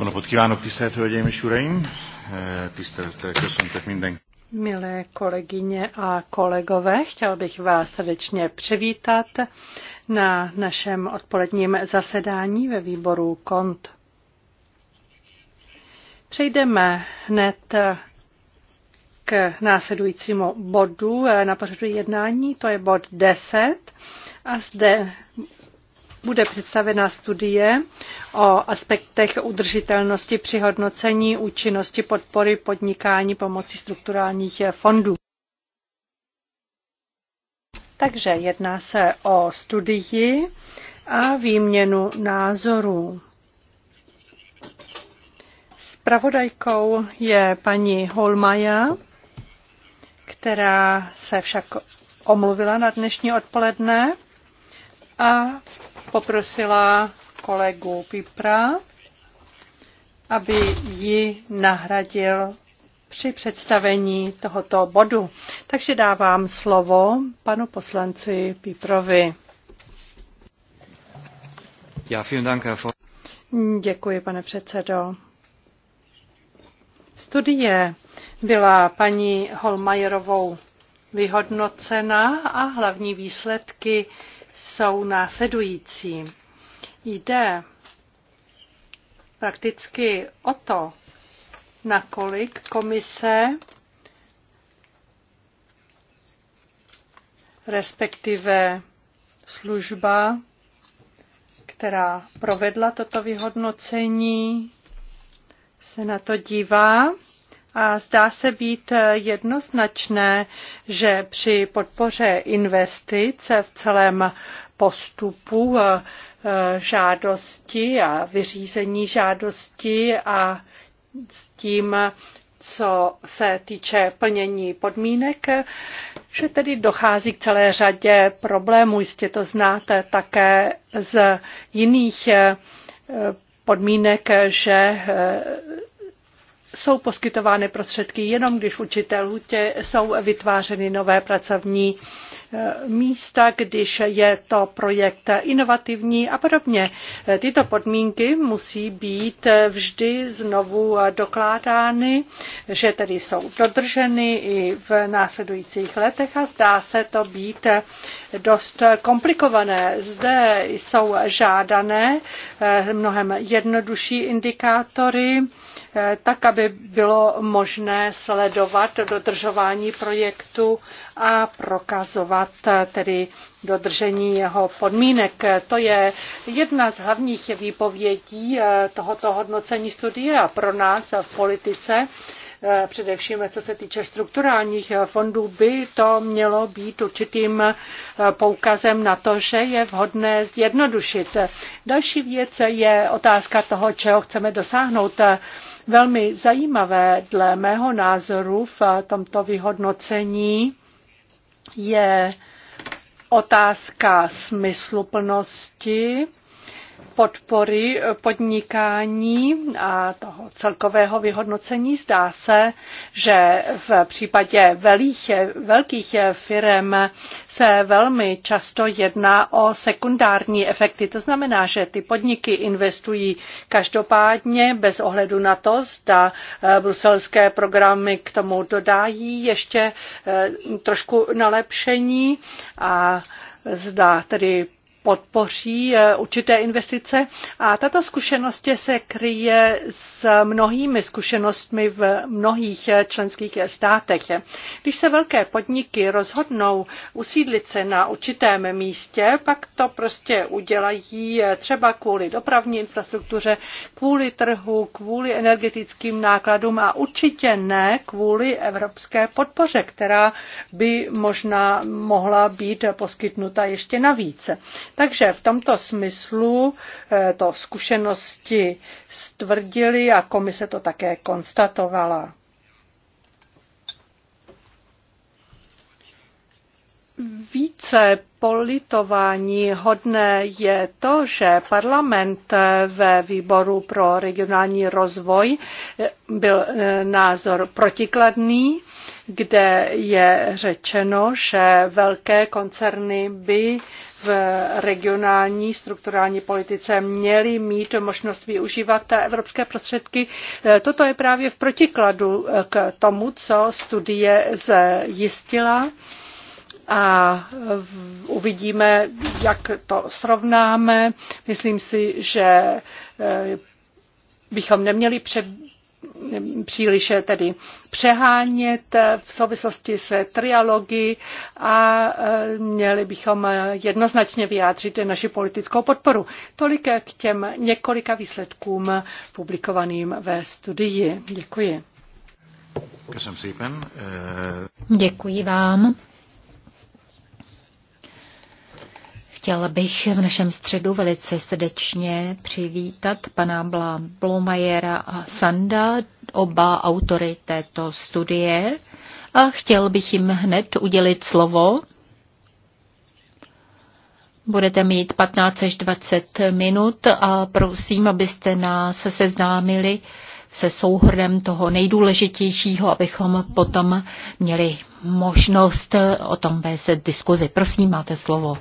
Jó napot no, kívánok, tisztelt Hölgyeim és Uraim! Eh, Tisztelettel jako köszöntök mindenkit. Milé kolegyně a kolegové, chtěl bych vás srdečně přivítat na našem odpoledním zasedání ve výboru KONT. Přejdeme hned k následujícímu bodu na pořadu jednání, to je bod 10. A zde bude představena studie o aspektech udržitelnosti při hodnocení účinnosti podpory podnikání pomocí strukturálních fondů. Takže jedná se o studii a výměnu názorů. Spravodajkou je paní Holmaja, která se však omluvila na dnešní odpoledne a poprosila kolegu Pipra, aby ji nahradil při představení tohoto bodu. Takže dávám slovo panu poslanci Piprovi. Ja, Dank, Děkuji, pane předsedo. Studie byla paní Holmajerovou vyhodnocena a hlavní výsledky jsou následující. Jde prakticky o to, nakolik komise respektive služba, která provedla toto vyhodnocení, se na to dívá a zdá se být eh, jednoznačné, že při podpoře investic v celém postupu eh, eh, žádosti a vyřízení žádosti a s tím, co se týče plnění podmínek, že tedy dochází k celé řadě problémů. Jistě to znáte také z jiných podmínek, že jsou poskytovány prostředky jenom, když v určité jsou vytvářeny nové pracovní eh, místa, když je to projekt inovativní a podobně. Eh, tyto podmínky musí být eh, vždy znovu dokládány, že tedy jsou dodrženy i v následujících letech a zdá se to být dost komplikované. Zde jsou žádané mnohem jednodušší indikátory, tak aby bylo možné sledovat dodržování projektu a prokazovat tedy dodržení jeho podmínek. To je jedna z hlavních výpovědí eh, tohoto hodnocení studia pro nás v politice eh, především co se týče strukturálních fondů, by to mělo být určitým eh, poukazem na to, že je vhodné zjednodušit. Další věc je otázka toho, čeho chceme dosáhnout Velmi zajímavé dle mého názoru v tomto vyhodnocení je otázka smysluplnosti podpory eh, podnikání a toho celkového vyhodnocení zdá se, že v případě velých, eh, velkých eh, firm se velmi často jedná o sekundární efekty. To znamená, že ty podniky investují každopádně bez ohledu na to, zda bruselské programy k tomu dodají ještě trošku nalepšení a zda tedy podpoří eh, určité investice a tato zkušenost se kryje s mnohými zkušenostmi v mnohých eh, členských státech. Když se velké podniky rozhodnou usídlit se na určitém místě, pak to prostě udělají eh, třeba kvůli dopravní infrastruktuře, kvůli trhu, kvůli energetickým nákladům a určitě ne kvůli evropské podpoře, která by možná mohla být poskytnuta ještě navíc. Takže v tomto smyslu eh, to zkušenosti stvrdili a komise to také konstatovala. Více politování hodné je to, že parlament eh, ve výboru pro regionální rozvoj eh, byl názor protikladný, kde je řečeno, že velké koncerny by v regionální strukturální politice měli mít možnost využívat evropské prostředky. E, Toto je právě v protikladu k tomu, co studie zjistila a uvidíme, jak to srovnáme. Myslím si, že e, bychom neměli příliš eh, tedy přehánět eh, v souvislosti se trialogy a eh, měli bychom jednoznačně vyjádřit naši politickou podporu. Tolik k těm několika výsledkům publikovaným ve studii. Děkuji. Děkuji vám. Chtěla bych v našem středu velice srdečně přivítat pana Bla Blomajera a Sanda, oba autory této studie. A chtěl bych jim hned udělit slovo. Budete mít 15 až 20 minut a prosím, abyste nás seznámili se souhrnem toho nejdůležitějšího, abychom potom měli možnost o tom vést diskuzi. Prosím, máte slovo.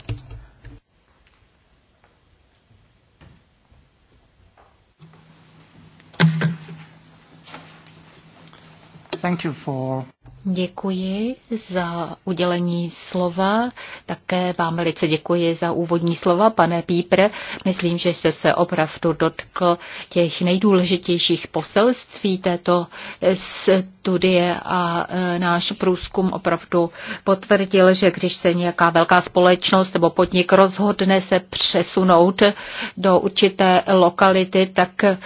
Thank you for... Děkuji za udělení slova. Také vám velice děkuji za úvodní slova, pane Pípr. Myslím, že jste se opravdu dotkl těch nejdůležitějších poselství této studie a e, náš průzkum opravdu potvrdil, že když se nějaká velká společnost nebo podnik rozhodne se přesunout do určité lokality, tak e,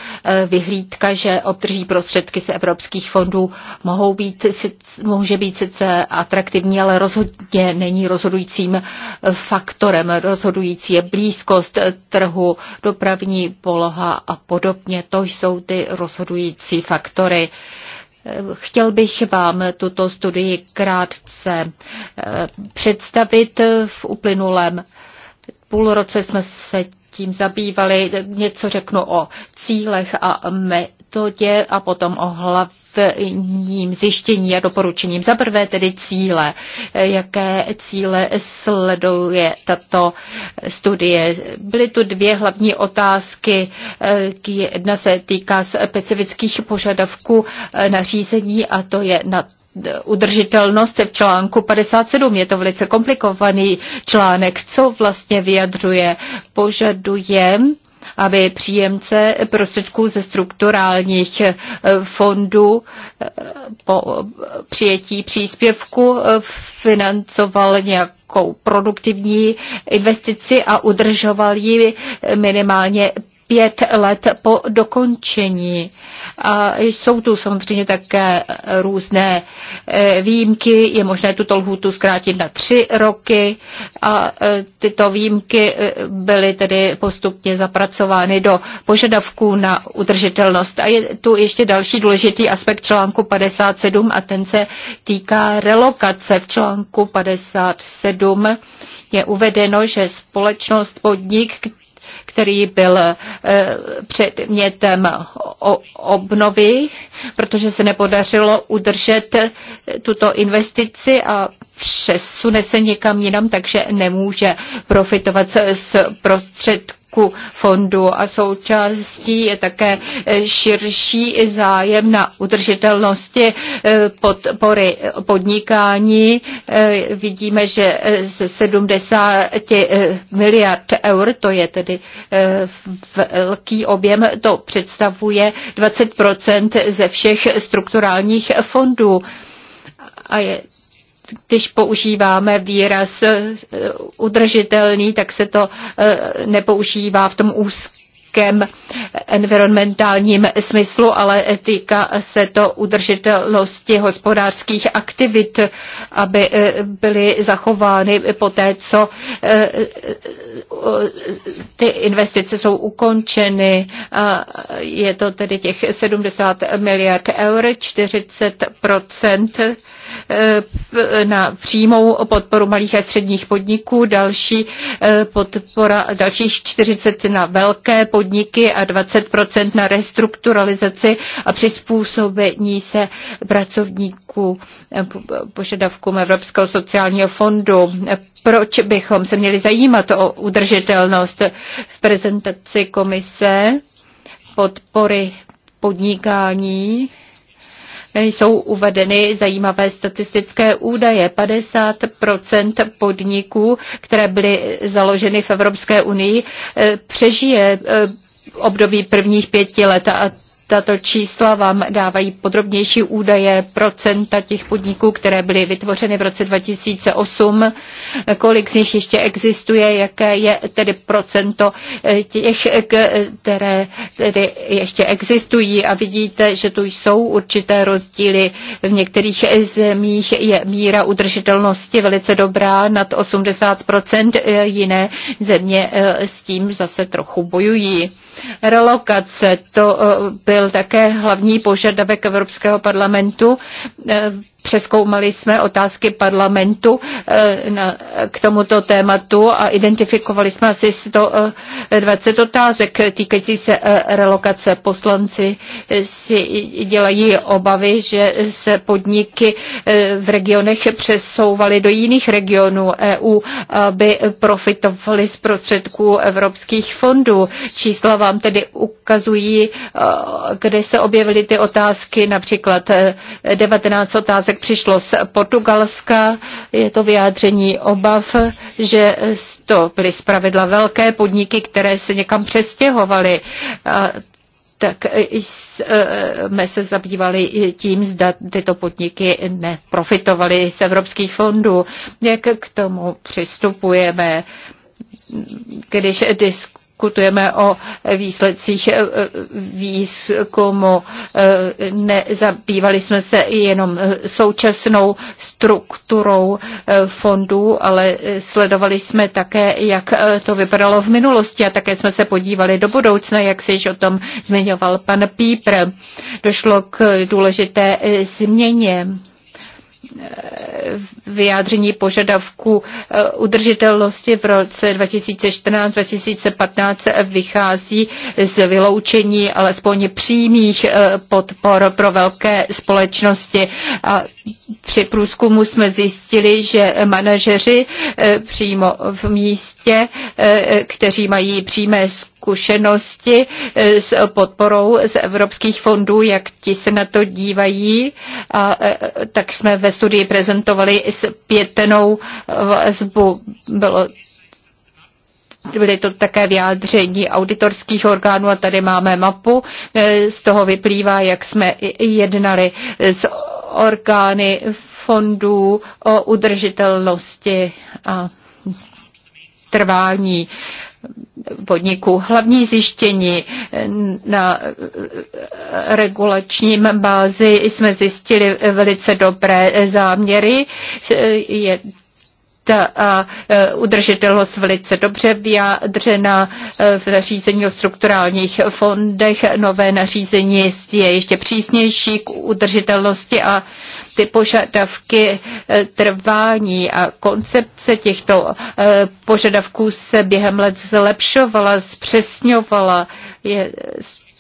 vyhlídka, že obdrží prostředky z evropských fondů, mohou být může být sice atraktivní, ale rozhodně není rozhodujícím faktorem. Rozhodující je blízkost trhu, dopravní poloha a podobně. To jsou ty rozhodující faktory. Chtěl bych vám tuto studii krátce eh, představit v uplynulém půl roce jsme se tím zabývali. Něco řeknu o cílech a metodě a potom o hlavním zjištění a doporučením. Za prvé tedy cíle. Jaké cíle sleduje tato studie? Byly tu dvě hlavní otázky. Jedna se týká specifických požadavků nařízení a to je na udržitelnost v článku 57. Je to velice komplikovaný článek, co vlastně vyjadřuje. Požaduje aby příjemce prostředků ze strukturálních eh, fondů eh, po přijetí příspěvku eh, financoval nějakou produktivní investici a udržoval ji minimálně pět let po dokončení. A jsou tu samozřejmě také různé e, výjimky. Je možné tuto lhůtu zkrátit na tři roky a e, tyto výjimky e, byly tedy postupně zapracovány do požadavků na udržitelnost. A je tu ještě další důležitý aspekt článku 57 a ten se týká relokace. V článku 57 je uvedeno, že společnost podnik, který byl eh, předmětem obnovy, protože se nepodařilo udržet tuto investici a přesune se někam jinam, takže nemůže profitovat z prostředků celku fondu a součástí je také eh, širší zájem na udržitelnosti eh, podpory podnikání. Eh, vidíme, že z 70 miliard eur, to je tedy velký objem, to představuje 20 ze všech strukturálních fondů. A je když používáme výraz eh, udržitelný, tak se to eh, nepoužívá v tom úzkém environmentálním smyslu, ale týká se to udržitelnosti hospodářských aktivit, aby eh, byly zachovány po té, co ty investice jsou ukončeny. Je to tedy těch 70 miliard eur, 40 Eh, na přímou podporu malých a středních podniků, další eh, podpora, dalších 40 na velké podniky a 20 na restrukturalizaci a přizpůsobení se pracovníků eh, požadavkům Evropského sociálního fondu. Proč bychom se měli zajímat o udržitelnost v prezentaci komise podpory podnikání jsou uvedeny zajímavé statistické údaje. 50 podniků, které byly založeny v Evropské unii, eh, přežije eh, období prvních pěti let a tato čísla vám dávají podrobnější údaje procenta těch podniků, které byly vytvořeny v roce 2008, kolik z nich ještě existuje, jaké je tedy procento eh, těch, které tedy ještě existují a vidíte, že tu jsou určité rozdíly. V některých zemích je míra udržitelnosti velice dobrá, nad 80%, eh, jiné země eh, s tím zase trochu bojují relokace. To eh, byl také hlavní požadavek Evropského parlamentu eh, Přeskoumali jsme otázky parlamentu eh, k tomuto tématu a identifikovali jsme asi 120 otázek týkající se eh, relokace. Poslanci eh, si dělají obavy, že se podniky v regionech přesouvaly do jiných regionů EU, aby profitovali z prostředků evropských fondů. Čísla vám tedy ukazují, kde se objevily ty otázky, například 19 otázek tak přišlo z Portugalska. Je to vyjádření obav, že to byly zpravidla velké podniky, které se někam přestěhovaly tak jsme se zabývali tím, zda tyto podniky neprofitovaly z evropských fondů. Jak k tomu přistupujeme, když disk diskutujeme o výsledcích eh, výzkumu. Eh, nezabývali jsme se jenom eh, současnou strukturou fondů, ale sledovali jsme také, jak to vypadalo v minulosti a také jsme se podívali do budoucna, jak se již o tom zmiňoval pan Pípr. Došlo k důležité změně vyjádření požadavků eh, udržitelnosti v roce 2014-2015 vychází z vyloučení alespoň přímých eh, podpor pro velké společnosti. A při průzkumu jsme zjistili, že manažeři eh, přímo v místě, kteří mají přímé zkušenosti, zkušenosti eh, s podporou z evropských fondů, jak ti se na to dívají. A, eh, tak jsme ve studii prezentovali pětenou vazbu. Bylo byly to také vyjádření auditorských orgánů a tady máme mapu. Eh, z toho vyplývá, jak jsme jednali s orgány fondů o udržitelnosti a trvání podniků. Hlavní zjištění na regulačním bázi jsme zjistili velice dobré záměry. Je ta a e, udržitelnost velice dobře vyjádřena v nařízení o strukturálních fondech. Nové nařízení je ještě přísnější k udržitelnosti a ty požadavky eh, trvání a koncepce těchto eh, požadavků se během let zlepšovala, zpřesňovala. Je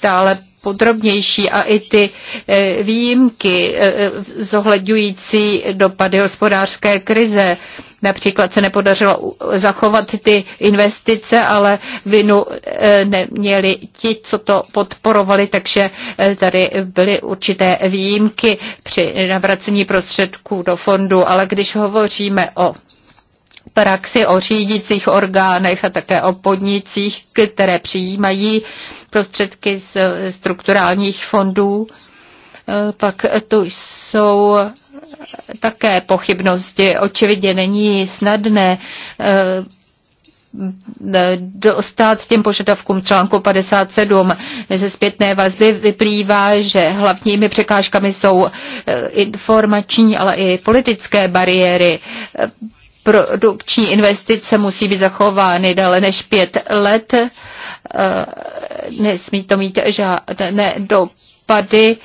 stále podrobnější a i ty e, výjimky e, e, zohledňující dopady hospodářské krize. Například se nepodařilo zachovat ty investice, ale vinu neměli ti, co to podporovali, takže tady byly určité výjimky při navracení prostředků do fondu. Ale když hovoříme o praxi o řídících orgánech a také o podnicích, které přijímají prostředky z strukturálních fondů. E, pak tu jsou také pochybnosti. Očividně není snadné e, e, dostat těm požadavkům článku 57. Ze zpětné vazby vyplývá, že hlavními překážkami jsou informační, ale i politické bariéry produkční investice musí být zachovány déle než pět let. Eh, nesmí to mít žádné dopady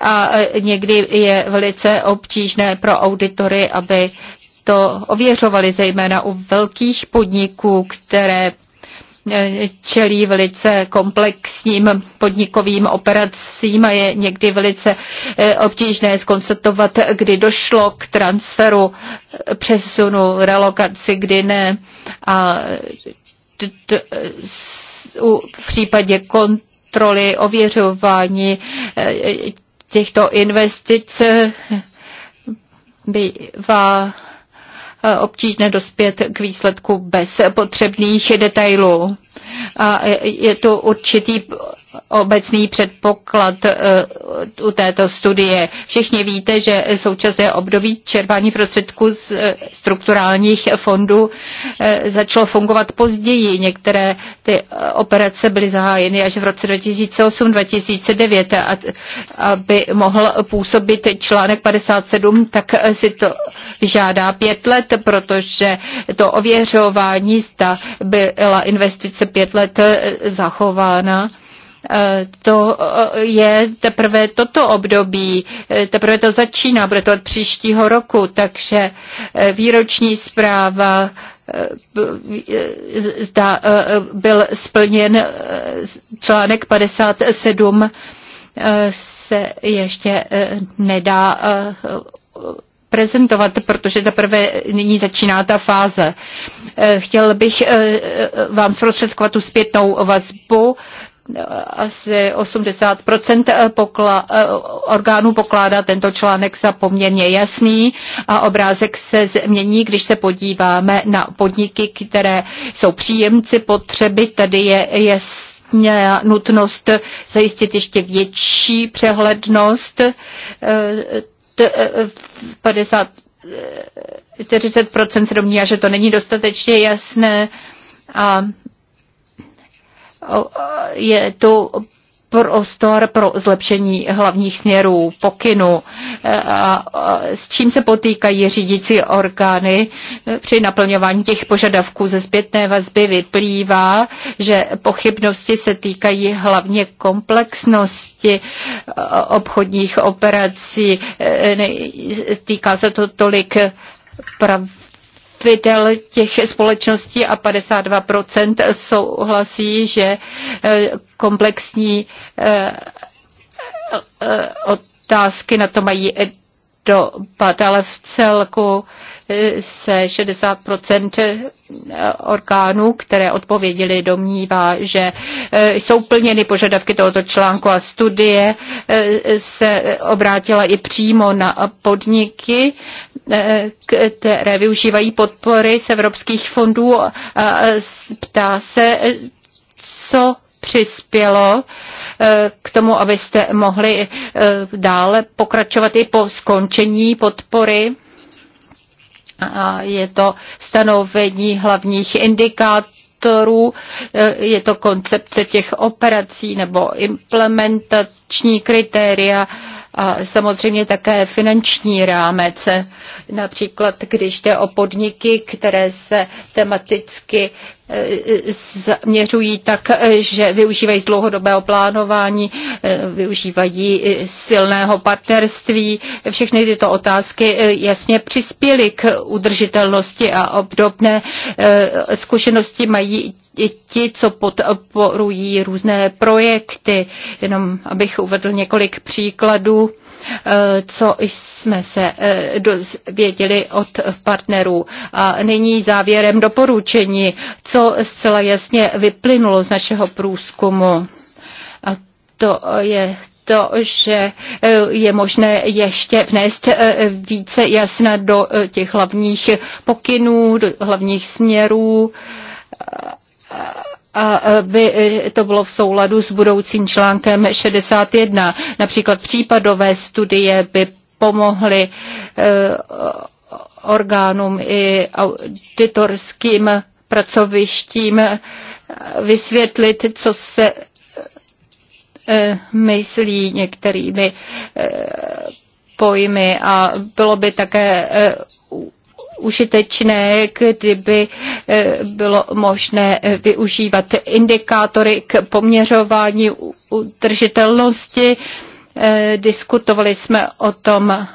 a někdy je velice obtížné pro auditory, aby to ověřovali, zejména u velkých podniků, které čelí velice komplexním podnikovým operacím a je někdy velice eh, obtížné skonstatovat, kdy došlo k transferu, eh, přesunu, relokaci, kdy ne. A v případě kontroly, ověřování eh, těchto investic bývá Eh, obtížné dospět k výsledku bez potřebných detailů. A je to určitý obecný předpoklad eh, u této studie. Všichni víte, že současné období čerpání prostředků z eh, strukturálních fondů eh, začalo fungovat později. Některé ty operace byly zahájeny až v roce 2008-2009. Aby mohl působit článek 57, tak si to vyžádá pět let, protože to ověřování zda byla investice pět let zachována, Eh, to eh, je teprve toto období, eh, teprve to začíná, bude to od příštího roku, takže výroční zpráva zda byl splněn článek 57 se ještě nedá prezentovat, protože teprve nyní začíná ta fáze. Chtěl bych vám zprostředkovat tu zpětnou vazbu asi 80 eh, pokla, eh, orgánů pokládá tento článek za poměrně jasný a obrázek se změní, když se podíváme na podniky, které jsou příjemci potřeby. Tady je jasný nutnost zajistit ještě větší přehlednost. 50, eh, 40% se domnívá, že to není dostatečně jasné a je tu prostor pro zlepšení hlavních směrů pokynu, a s čím se potýkají řídící orgány při naplňování těch požadavků ze zpětné vazby vyplývá, že pochybnosti se týkají hlavně komplexnosti e, obchodních operací. E, týká se to tolik prav obyvatel těch společností a 52% souhlasí, že eh, komplexní eh, eh, otázky na to mají dopad, ale v celku se 60% orgánů, které odpověděli, domnívá, že jsou plněny požadavky tohoto článku a studie se obrátila i přímo na podniky Eh, které využívají podpory z evropských fondů. Ptá se, co přispělo eh, k tomu, abyste mohli eh, dále pokračovat i po skončení podpory. A je to stanovení hlavních indikátorů, je to koncepce těch operací nebo implementační kritéria a samozřejmě také finanční rámec. Například, když jde o podniky, které se tematicky eh, zaměřují tak, eh, že využívají z dlouhodobého plánování, eh, využívají silného partnerství. Všechny tyto otázky jasně přispěly k udržitelnosti a obdobné zkušenosti mají ti, co podporují různé projekty. Jenom abych uvedl několik příkladů, eh, co jsme se eh, dozvěděli od partnerů. A nyní závěrem doporučení, co zcela jasně vyplynulo z našeho průzkumu. A to je to, že eh, je možné ještě vnést více jasna do těch hlavních pokynů, do hlavních směrů aby e, to bylo v souladu s budoucím článkem 61. Například případové studie by pomohly e, orgánům i auditorským pracovištím vysvětlit, co se e, myslí některými pojmy a bylo by také užitečné, kdyby eh, bylo možné eh, využívat indikátory k poměřování udržitelnosti. Eh, diskutovali jsme o tom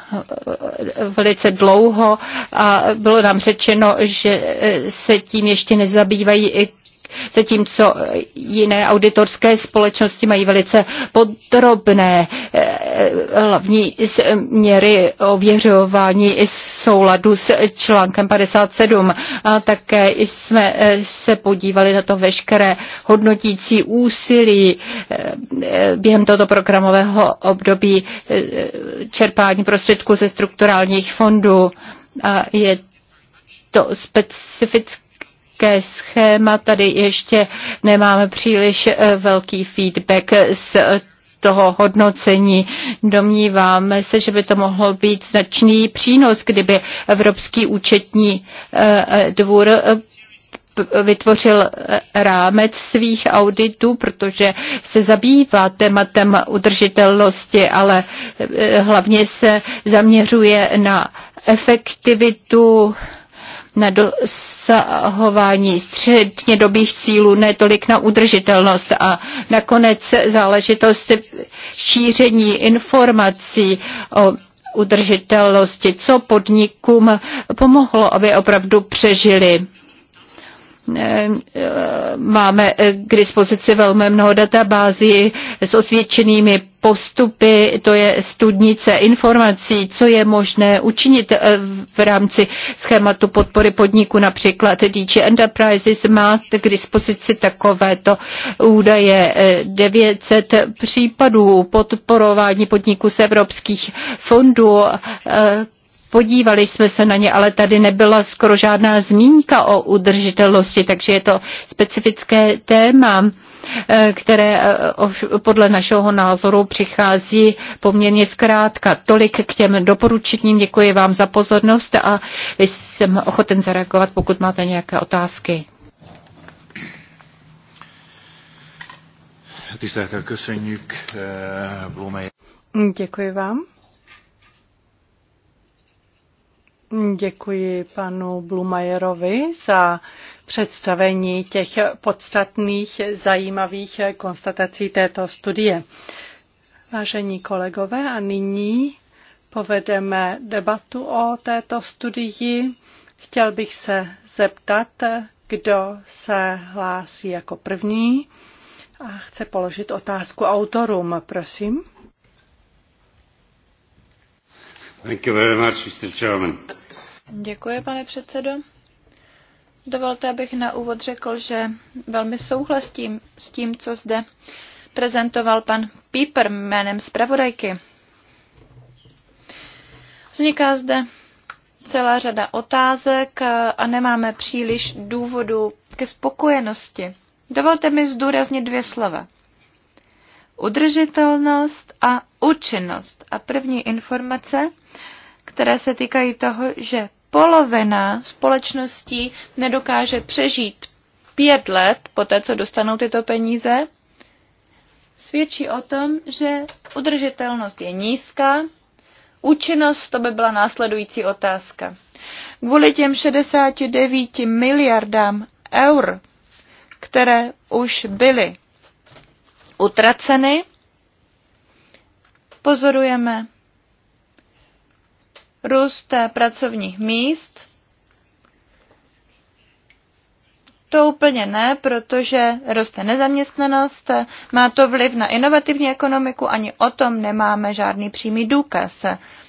velice dlouho a bylo nám řečeno, že se tím ještě nezabývají i zatímco jiné auditorské společnosti mají velice podrobné eh, hlavní směry ověřování i souladu s článkem 57. A také jsme eh, se podívali na to veškeré hodnotící úsilí eh, během tohoto programového období čerpání prostředků ze strukturálních fondů. A je to specifické nějaké schéma. Tady ještě nemáme příliš eh, velký feedback z toho hodnocení. Domníváme se, že by to mohl být značný přínos, kdyby Evropský účetní eh, eh, dvůr vytvořil rámec svých auditů, protože se zabývá tématem udržitelnosti, ale hlavně se zaměřuje na efektivitu na dosahování střednědobých cílů, ne tolik na udržitelnost. A nakonec záležitost šíření informací o udržitelnosti, co podnikům pomohlo, aby opravdu přežili máme k dispozici velmi mnoho databází s osvědčenými postupy, to je studnice informací, co je možné učinit eh, v rámci schématu podpory podniku. Například DG Enterprises má k dispozici takovéto údaje 900 eh, případů podporování podniku z evropských fondů. Eh, podívali jsme se na ně, ale tady nebyla skoro žádná zmínka o udržitelnosti, takže je to specifické téma Eh, které eh, podle našeho názoru přichází poměrně zkrátka. Tolik k těm doporučením. Děkuji vám za pozornost a jsem ochoten zareagovat, pokud máte nějaké otázky. Eh, Děkuji vám. Děkuji panu Blumajerovi za představení těch podstatných zajímavých konstatací této studie. Vážení kolegové, a nyní povedeme debatu o této studii. Chtěl bych se zeptat, kdo se hlásí jako první a chce položit otázku autorům, prosím. Děkuji, pane předsedo. Dovolte, abych na úvod řekl, že velmi souhlasím s tím, co zde prezentoval pan Píper jménem zpravodajky. Vzniká zde celá řada otázek a nemáme příliš důvodu ke spokojenosti. Dovolte mi zdůraznit dvě slova. Udržitelnost a účinnost. A první informace, které se týkají toho, že polovina společnosti nedokáže přežít pět let po té, co dostanou tyto peníze, svědčí o tom, že udržitelnost je nízká. Účinnost to by byla následující otázka. Kvůli těm 69 miliardám eur, které už byly utraceny, pozorujeme růst pracovních míst. To úplně ne, protože roste nezaměstnanost, má to vliv na inovativní ekonomiku, ani o tom nemáme žádný přímý důkaz.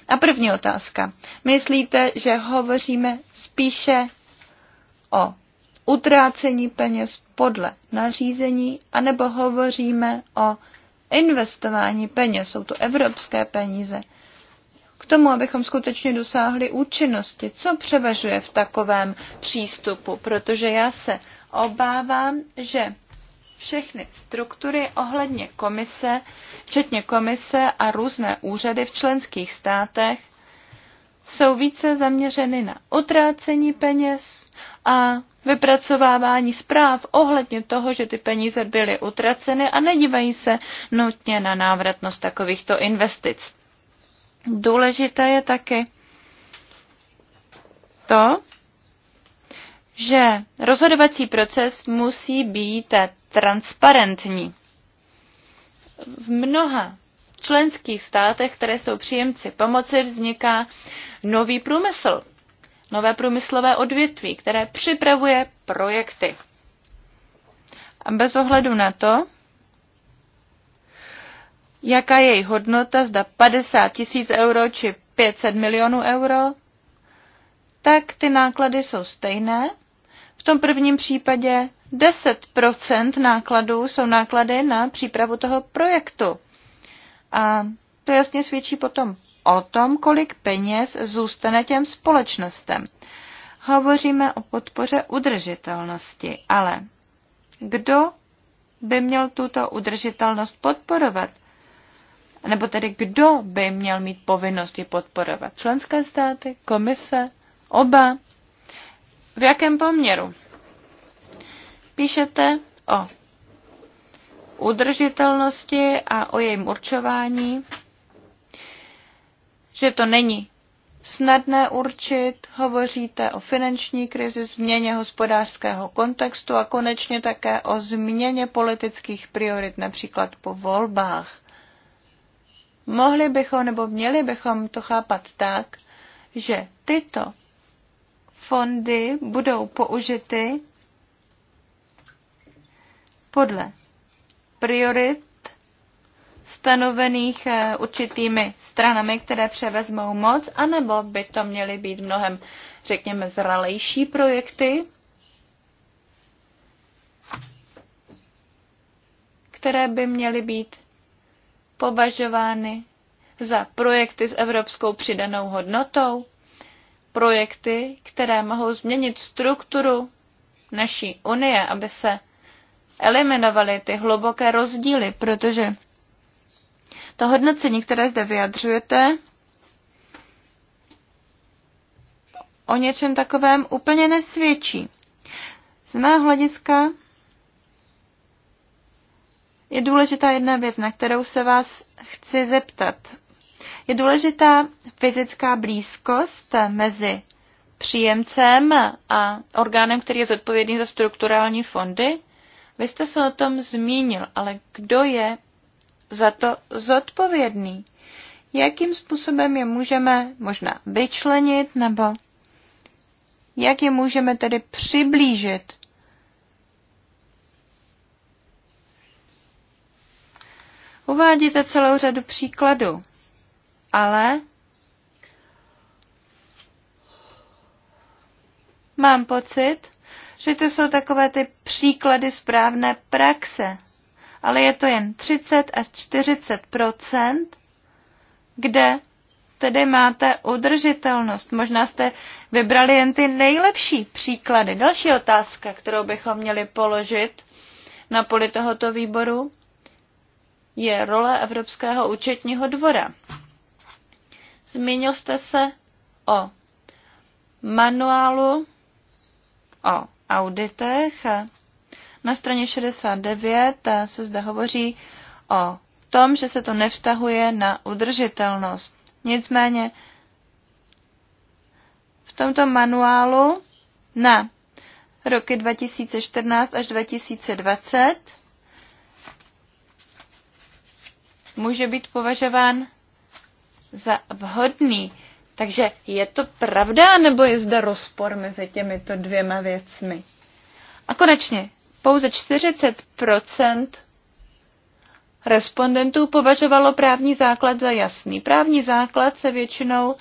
A první otázka. Myslíte, že hovoříme spíše o utrácení peněz podle nařízení, anebo hovoříme o investování peněz? Jsou to evropské peníze tomu, abychom skutečně dosáhli účinnosti. Co převažuje v takovém přístupu? Protože já se obávám, že všechny struktury ohledně komise, včetně komise a různé úřady v členských státech, jsou více zaměřeny na utrácení peněz a vypracovávání zpráv ohledně toho, že ty peníze byly utraceny a nedívají se nutně na návratnost takovýchto investic. Důležité je taky to, že rozhodovací proces musí být transparentní. V mnoha členských státech, které jsou příjemci pomoci, vzniká nový průmysl, nové průmyslové odvětví, které připravuje projekty. A bez ohledu na to, jaká je její hodnota, zda 50 tisíc euro či 500 milionů euro, tak ty náklady jsou stejné. V tom prvním případě 10% nákladů jsou náklady na přípravu toho projektu. A to jasně svědčí potom o tom, kolik peněz zůstane těm společnostem. Hovoříme o podpoře udržitelnosti, ale kdo by měl tuto udržitelnost podporovat? nebo tedy kdo by měl mít povinnost ji podporovat? Členské státy, komise, oba? V jakém poměru? Píšete o udržitelnosti a o jejím určování, že to není snadné určit, hovoříte o finanční krizi, změně hospodářského kontextu a konečně také o změně politických priorit, například po volbách mohli bychom nebo měli bychom to chápat tak, že tyto fondy budou použity podle priorit stanovených eh, určitými stranami, které převezmou moc, anebo by to měly být mnohem, řekněme, zralejší projekty, které by měly být považovány za projekty s evropskou přidanou hodnotou, projekty, které mohou změnit strukturu naší unie, aby se eliminovaly ty hluboké rozdíly, protože to hodnocení, které zde vyjadřujete, o něčem takovém úplně nesvědčí. Z mého hlediska je důležitá jedna věc, na kterou se vás chci zeptat. Je důležitá fyzická blízkost mezi příjemcem a orgánem, který je zodpovědný za strukturální fondy? Vy jste se o tom zmínil, ale kdo je za to zodpovědný? Jakým způsobem je můžeme možná vyčlenit nebo jak je můžeme tedy přiblížit Uvádíte celou řadu příkladů, ale mám pocit, že to jsou takové ty příklady správné praxe, ale je to jen 30 až 40 kde tedy máte udržitelnost. Možná jste vybrali jen ty nejlepší příklady. Další otázka, kterou bychom měli položit na poli tohoto výboru, je role Evropského účetního dvora. Zmínil jste se o manuálu o auditech. Na straně 69 se zde hovoří o tom, že se to nevztahuje na udržitelnost. Nicméně v tomto manuálu na roky 2014 až 2020 může být považován za vhodný. Takže je to pravda, nebo je zde rozpor mezi těmito dvěma věcmi? A konečně, pouze 40 respondentů považovalo právní základ za jasný. Právní základ se většinou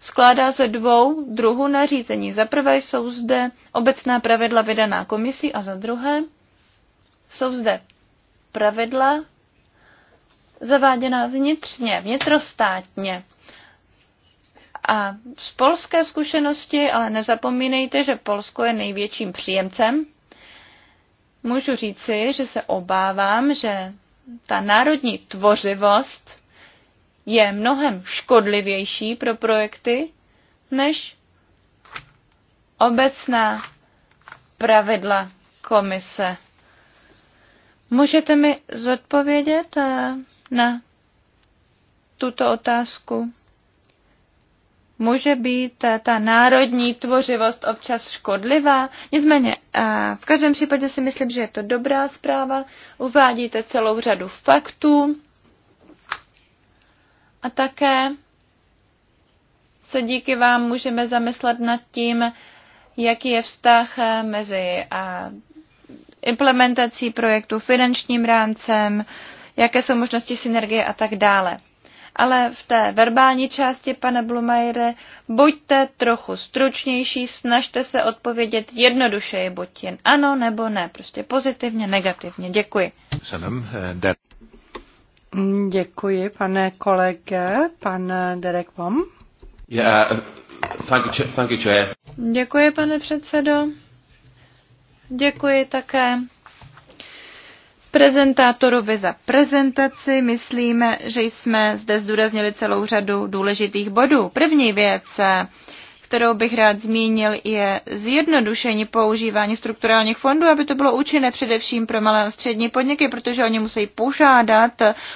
skládá ze dvou druhů nařízení. Za prvé jsou zde obecná pravidla vydaná komisí a za druhé jsou zde pravidla zaváděna vnitřně, vnitrostátně. A z polské zkušenosti, ale nezapomínejte, že Polsko je největším příjemcem, můžu říci, že se obávám, že ta národní tvořivost je mnohem škodlivější pro projekty než obecná pravidla komise. Můžete mi zodpovědět, eh, na tuto otázku? Může být ta národní tvořivost občas škodlivá? Nicméně, v každém případě si myslím, že je to dobrá zpráva. Uvádíte celou řadu faktů a také se díky vám můžeme zamyslet nad tím, jaký je vztah mezi implementací projektu finančním rámcem, jaké jsou možnosti synergie a tak dále. Ale v té verbální části, pane Blumajere, buďte trochu stručnější, snažte se odpovědět jednodušeji, buď jen ano nebo ne, prostě pozitivně, negativně. Děkuji. Eh, Děkuji, pane kolege, pan Derek Vom. Yeah, uh, thank you, thank you, Děkuji, pane předsedo. Děkuji také prezentátorovi za prezentaci. Myslíme, že jsme zde zdůraznili celou řadu důležitých bodů. První věc, kterou bych rád zmínil, je zjednodušení používání strukturálních fondů, aby to bylo účinné především pro malé a střední podniky, protože oni musí požádat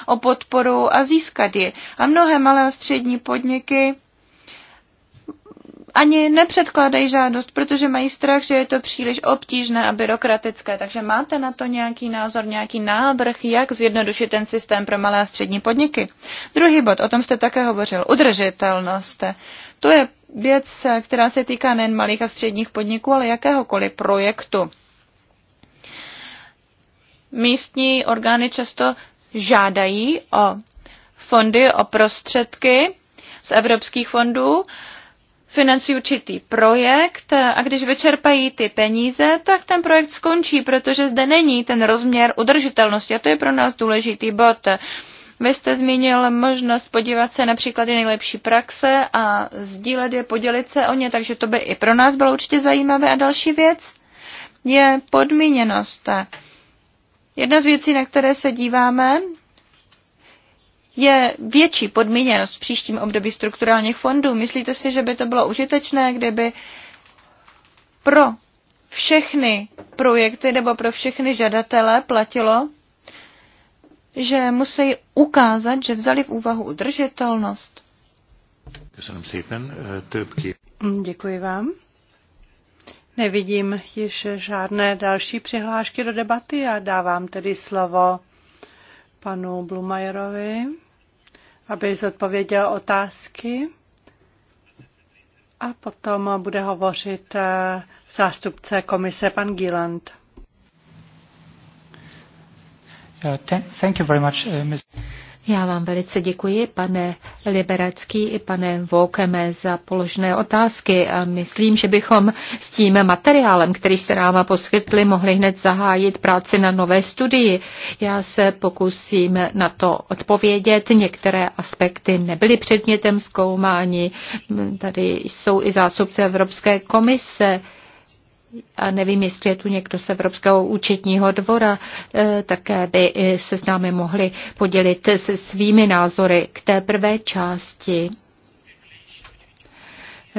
o podporu a získat ji. A mnohé malé a střední podniky ani nepředkládají žádost, protože mají strach, že je to příliš obtížné a byrokratické. Takže máte na to nějaký názor, nějaký návrh, jak zjednodušit ten systém pro malé a střední podniky? Druhý bod, o tom jste také hovořil, udržitelnost. To je věc, která se týká nejen malých a středních podniků, ale jakéhokoliv projektu. Místní orgány často žádají o fondy, o prostředky z evropských fondů, financují určitý projekt a když vyčerpají ty peníze, tak ten projekt skončí, protože zde není ten rozměr udržitelnosti a to je pro nás důležitý bod. Vy jste zmínil možnost podívat se na příklady nejlepší praxe a sdílet je, podělit se o ně, takže to by i pro nás bylo určitě zajímavé. A další věc je podmíněnost. Jedna z věcí, na které se díváme je větší podmíněnost v příštím období strukturálních fondů. Myslíte si, že by to bylo užitečné, kdyby pro všechny projekty nebo pro všechny žadatele platilo, že musí ukázat, že vzali v úvahu udržitelnost? Eh, mm, děkuji vám. Nevidím již žádné další přihlášky do debaty a dávám tedy slovo panu Blumajerovi aby zodpověděl otázky a potom bude hovořit eh, zástupce komise pan Gieland. Uh, thank you very much, uh, Ms. Já vám velice děkuji, pane Liberecký i pane Vokeme, za položené otázky a myslím, že bychom s tím materiálem, který se nám poskytli, mohli hned zahájit práci na nové studii. Já se pokusím na to odpovědět. Některé aspekty nebyly předmětem zkoumání. Tady jsou i zástupce Evropské komise a nevím, jestli je tu někdo z Evropského účetního dvora, eh, také by eh, se s námi mohli podělit se svými názory k té prvé části.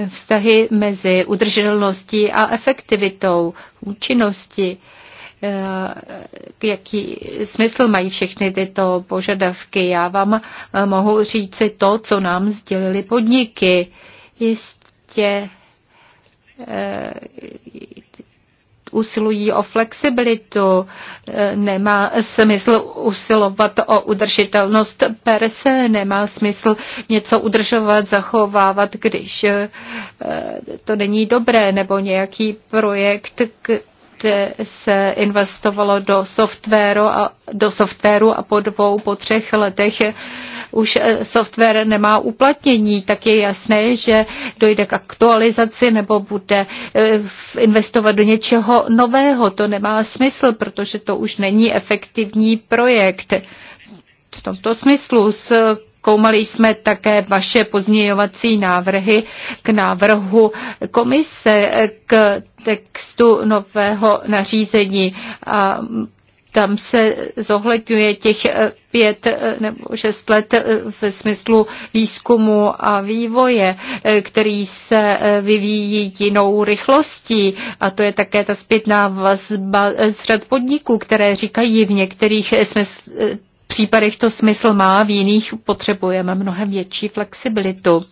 Vztahy mezi udržitelností a efektivitou, účinnosti, eh, jaký smysl mají všechny tyto požadavky. Já vám mohu říci to, co nám sdělili podniky. Jistě usilují o flexibilitu. E, nemá smysl usilovat o udržitelnost per se, nemá smysl něco udržovat, zachovávat, když e, to není dobré, nebo nějaký projekt, kde se investovalo do softwaru a, do softwaru a po dvou, po třech letech už eh, software nemá uplatnění, tak je jasné, že dojde k aktualizaci nebo bude eh, investovat do něčeho nového. To nemá smysl, protože to už není efektivní projekt. V tomto smyslu s Koumali jsme také vaše pozměňovací návrhy k návrhu komise eh, k textu nového nařízení. A tam se zohledňuje těch eh, pět eh, nebo šest let eh, v smyslu výzkumu a vývoje, který se vyvíjí jinou rychlostí. A to je také ta zpětná vazba z řad podniků, které říkají v některých smysl, případech to smysl má, v jiných potřebujeme mnohem větší flexibilitu.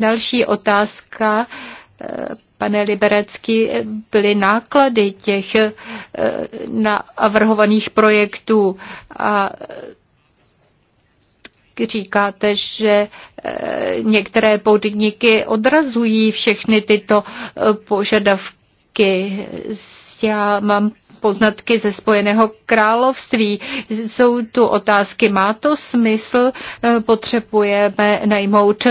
Další otázka pane Liberecký, byly náklady těch eh, navrhovaných projektů a říkáte, že eh, některé podniky odrazují všechny tyto eh, požadavky. Já mám poznatky ze Spojeného království. Jsou tu otázky, má to smysl, eh, potřebujeme najmout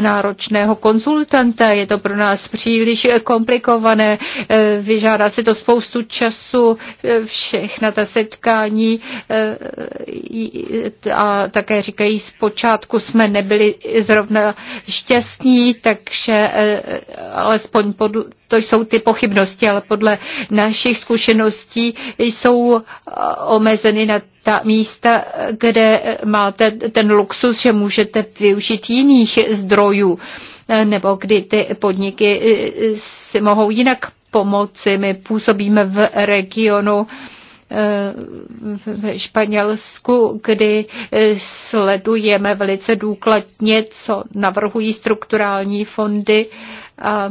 náročného konzultanta, je to pro nás příliš komplikované, eh, vyžádá si to spoustu času, eh, všechna ta setkání a také říkají, zpočátku jsme nebyli zrovna šťastní, takže alespoň pod to jsou ty pochybnosti, ale podle našich zkušeností jsou eh, omezeny na ta místa, kde máte ten luxus, že můžete využít jiných zdrojů, eh, nebo kdy ty podniky eh, si mohou jinak pomoci. My působíme v regionu, v Španělsku, kdy sledujeme velice důkladně, co navrhují strukturální fondy a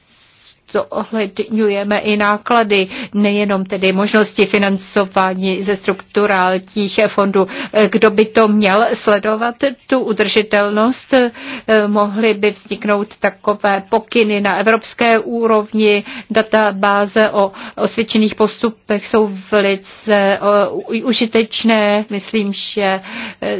zohledňujeme i náklady, nejenom tedy možnosti financování ze strukturálních fondů. Kdo by to měl sledovat, tu udržitelnost, mohly by vzniknout takové pokyny na evropské úrovni, databáze o osvědčených postupech jsou velice užitečné, myslím, že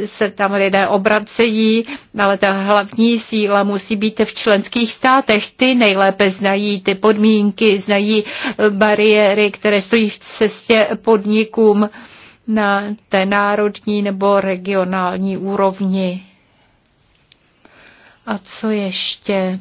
se tam lidé obracejí, ale ta hlavní síla musí být v členských státech, ty nejlépe znají ty podmínky, znají eh, bariéry, které stojí v cestě podnikům na té národní nebo regionální úrovni. A co ještě?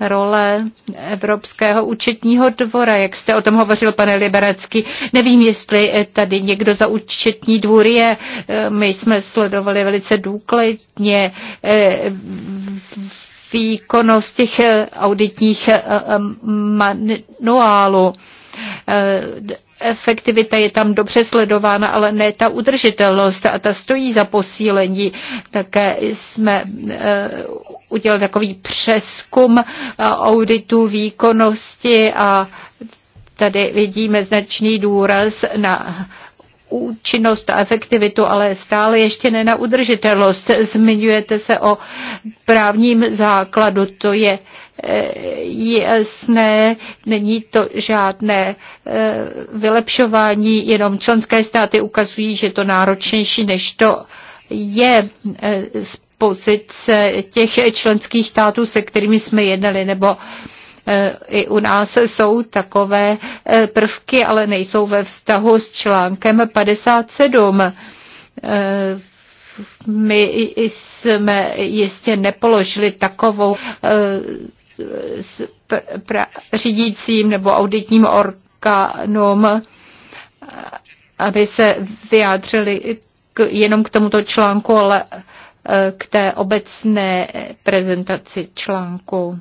role Evropského účetního dvora, jak jste o tom hovořil, pane Liberecký. Nevím, jestli tady někdo za účetní dvůr je. Eh, my jsme sledovali velice důkladně eh, výkonnost těch eh, auditních eh, eh, manuálů. Efektivita je tam dobře sledována, ale ne ta udržitelnost a ta stojí za posílení. Také jsme udělali takový přeskum auditu výkonnosti a tady vidíme značný důraz na účinnost a efektivitu, ale stále ještě ne na udržitelnost. Zmiňujete se o právním základu, to je eh, jasné, není to žádné eh, vylepšování, jenom členské státy ukazují, že to náročnější, než to je eh, z pozice těch členských států, se kterými jsme jednali, nebo Eh, I u nás jsou takové eh, prvky, ale nejsou ve vztahu s článkem 57 eh, my jsme jistě nepoložili takovou řídícím nebo auditním orgánům, aby se vyjádřili k, jenom k tomuto článku, ale k té obecné prezentaci článku.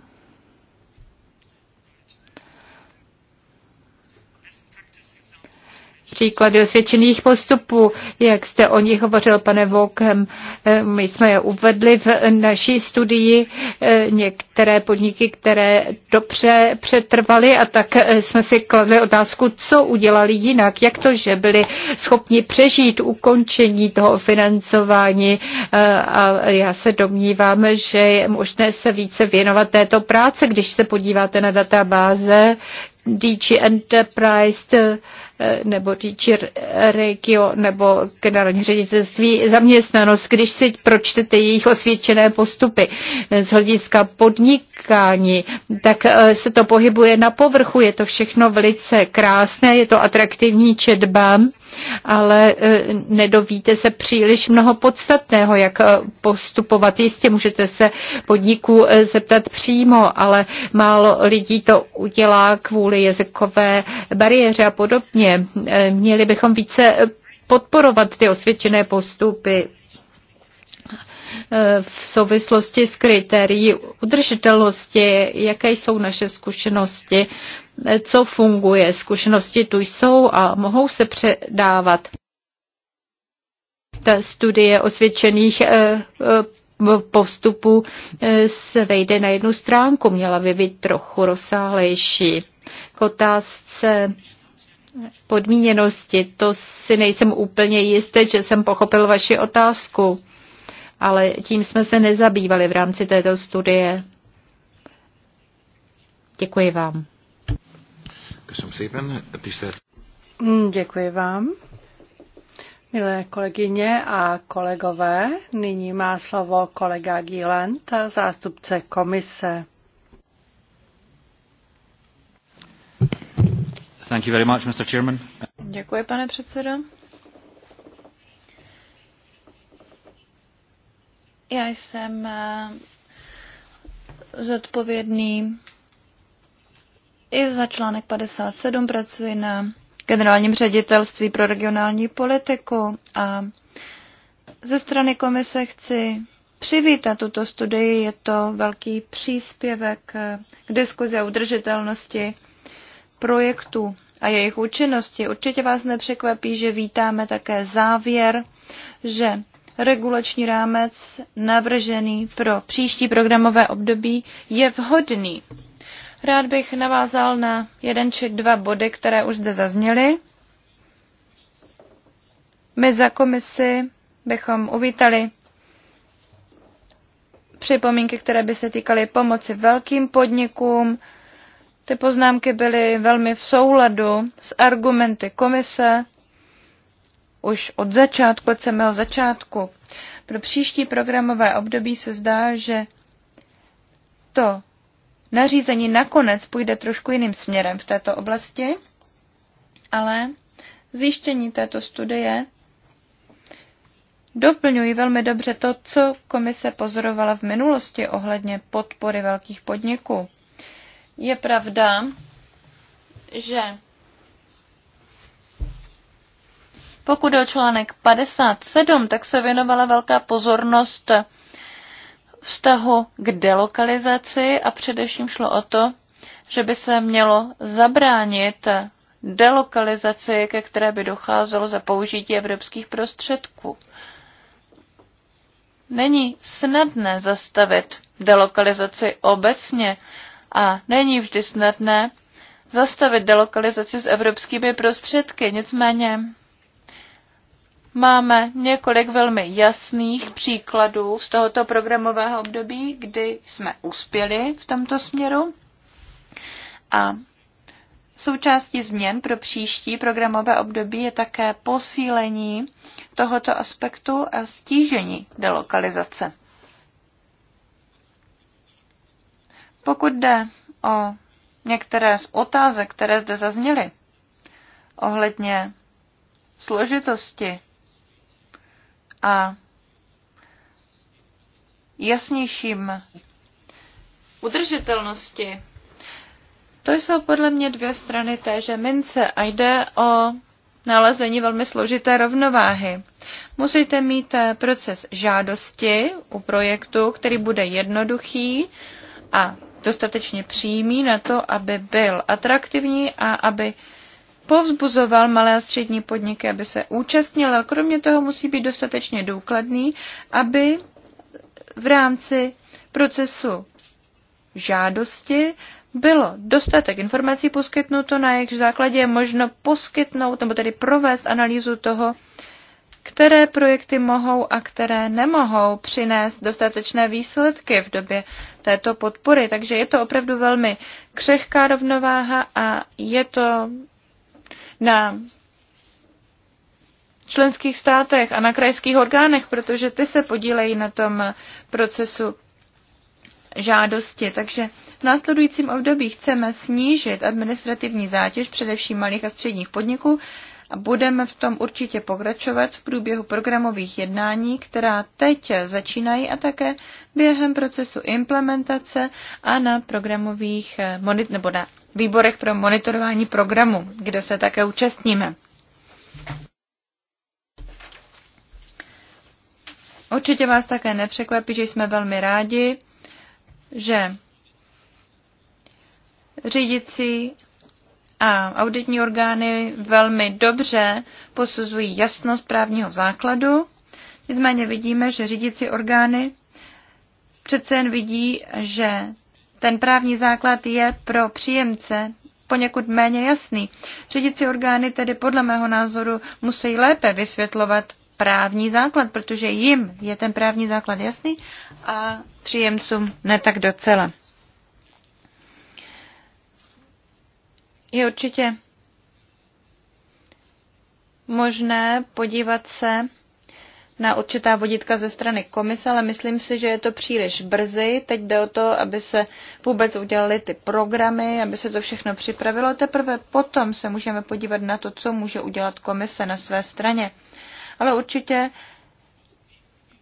příklady osvědčených postupů, jak jste o nich hovořil, pane Vokem. Eh, my jsme je uvedli v naší studii eh, některé podniky, které dobře přetrvaly a tak eh, jsme si kladli otázku, co udělali jinak, jak to, že byli schopni přežít ukončení toho financování a já se domnívám, že je možné se více věnovat této práce, když se podíváte na databáze DG Enterprise, Eh, nebo DG Regio nebo generální ředitelství zaměstnanost, když si pročtete jejich osvědčené postupy eh, z hlediska podnikání, tak eh, se to pohybuje na povrchu, je to všechno velice krásné, je to atraktivní četba, ale nedovíte se příliš mnoho podstatného, jak postupovat. Jistě můžete se podniku zeptat přímo, ale málo lidí to udělá kvůli jazykové bariéře a podobně podobně. Eh, měli bychom více eh, podporovat ty osvědčené postupy eh, v souvislosti s kritérií udržitelnosti, jaké jsou naše zkušenosti, co funguje. Zkušenosti tu jsou a mohou se předávat. Ta studie osvědčených postupů se vejde na jednu stránku, měla by být trochu rozsáhlejší. K otázce podmíněnosti. To si nejsem úplně jistý, že jsem pochopil vaši otázku, ale tím jsme se nezabývali v rámci této studie. Děkuji vám. Mm, děkuji vám. Milé kolegyně a kolegové, nyní má slovo kolega Gieland, zástupce komise. Děkuji, pane předsedo. Já jsem eh, zodpovědný i za článek 57, pracuji na generálním ředitelství pro regionální politiku a ze strany komise chci přivítat tuto studii. Je to velký příspěvek k diskuzi o udržitelnosti projektů a jejich účinnosti. Určitě vás nepřekvapí, že vítáme také závěr, že regulační rámec navržený pro příští programové období je vhodný. Rád bych navázal na jeden či dva body, které už zde zazněly. My za komisi bychom uvítali připomínky, které by se týkaly pomoci velkým podnikům, ty poznámky byly velmi v souladu s argumenty komise už od začátku, od samého začátku. Pro příští programové období se zdá, že to nařízení nakonec půjde trošku jiným směrem v této oblasti, ale zjištění této studie doplňují velmi dobře to, co komise pozorovala v minulosti ohledně podpory velkých podniků. Je pravda, že pokud je o článek 57, tak se věnovala velká pozornost vztahu k delokalizaci a především šlo o to, že by se mělo zabránit delokalizaci, ke které by docházelo za použití evropských prostředků. Není snadné zastavit delokalizaci obecně, a není vždy snadné zastavit delokalizaci s evropskými prostředky. Nicméně máme několik velmi jasných příkladů z tohoto programového období, kdy jsme uspěli v tomto směru. A Součástí změn pro příští programové období je také posílení tohoto aspektu a stížení delokalizace. Pokud jde o některé z otázek, které zde zazněly, ohledně složitosti a jasnějším udržitelnosti. To jsou podle mě dvě strany téže mince a jde o nalezení velmi složité rovnováhy. Musíte mít eh, proces žádosti u projektu, který bude jednoduchý a dostatečně přímý na to, aby byl atraktivní a aby povzbuzoval malé a střední podniky, aby se účastnil, ale kromě toho musí být dostatečně důkladný, aby v rámci procesu žádosti bylo dostatek informací poskytnuto, na jejich základě je možno poskytnout nebo tedy provést analýzu toho, které projekty mohou a které nemohou přinést dostatečné výsledky v době této podpory. Takže je to opravdu velmi křehká rovnováha a je to na členských státech a na krajských orgánech, protože ty se podílejí na tom procesu žádosti. Takže v následujícím období chceme snížit administrativní zátěž především malých a středních podniků a budeme v tom určitě pokračovat v průběhu programových jednání, která teď začínají a také během procesu implementace a na programových eh, nebo na výborech pro monitorování programu, kde se také účastníme. Určitě vás také nepřekvapí, že jsme velmi rádi, že řídící a auditní orgány velmi dobře posuzují jasnost právního základu. Nicméně vidíme, že řídící orgány přece jen vidí, že ten právní základ je pro příjemce poněkud méně jasný. Řídící orgány tedy podle mého názoru musí lépe vysvětlovat právní základ, protože jim je ten právní základ jasný a příjemcům ne tak docela. je určitě možné podívat se na určitá vodítka ze strany komise, ale myslím si, že je to příliš brzy. Teď jde o to, aby se vůbec udělaly ty programy, aby se to všechno připravilo. Teprve potom se můžeme podívat na to, co může udělat komise na své straně. Ale určitě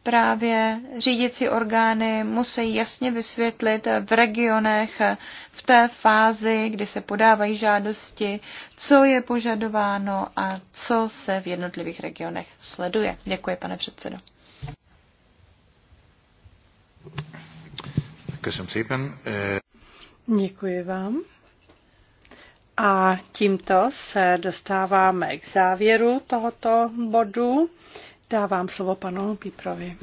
právě řídící orgány musí jasně vysvětlit v regionech v té fázi, kdy se podávají žádosti, co je požadováno a co se v jednotlivých regionech sleduje. Děkuji, pane předsedo. Děkuji eh. vám. A tímto se dostáváme k závěru tohoto bodu. Dávám slovo panu Píprovi.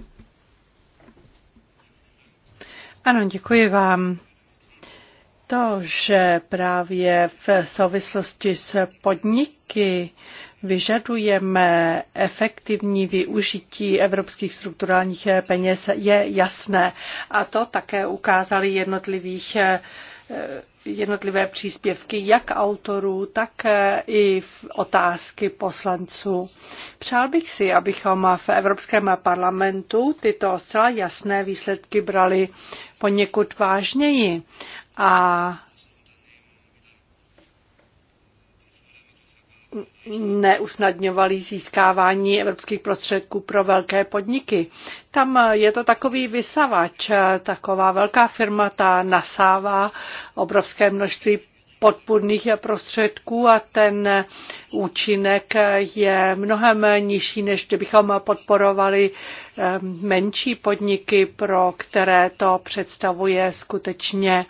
Ano, děkuji vám to, že právě v souvislosti s podniky vyžadujeme efektivní využití evropských strukturálních peněz, je jasné. A to také ukázali jednotlivých Eh, jednotlivé příspěvky jak autorů, tak eh, i otázky poslanců. Přál bych si, abychom v Evropském parlamentu tyto zcela jasné výsledky brali poněkud vážněji a neusnadňovaly získávání evropských prostředků pro velké podniky. Tam je to takový vysavač, taková velká firma, ta nasává obrovské množství podpůrných prostředků a ten účinek je mnohem nižší, než kdybychom podporovali menší podniky, pro které to představuje skutečně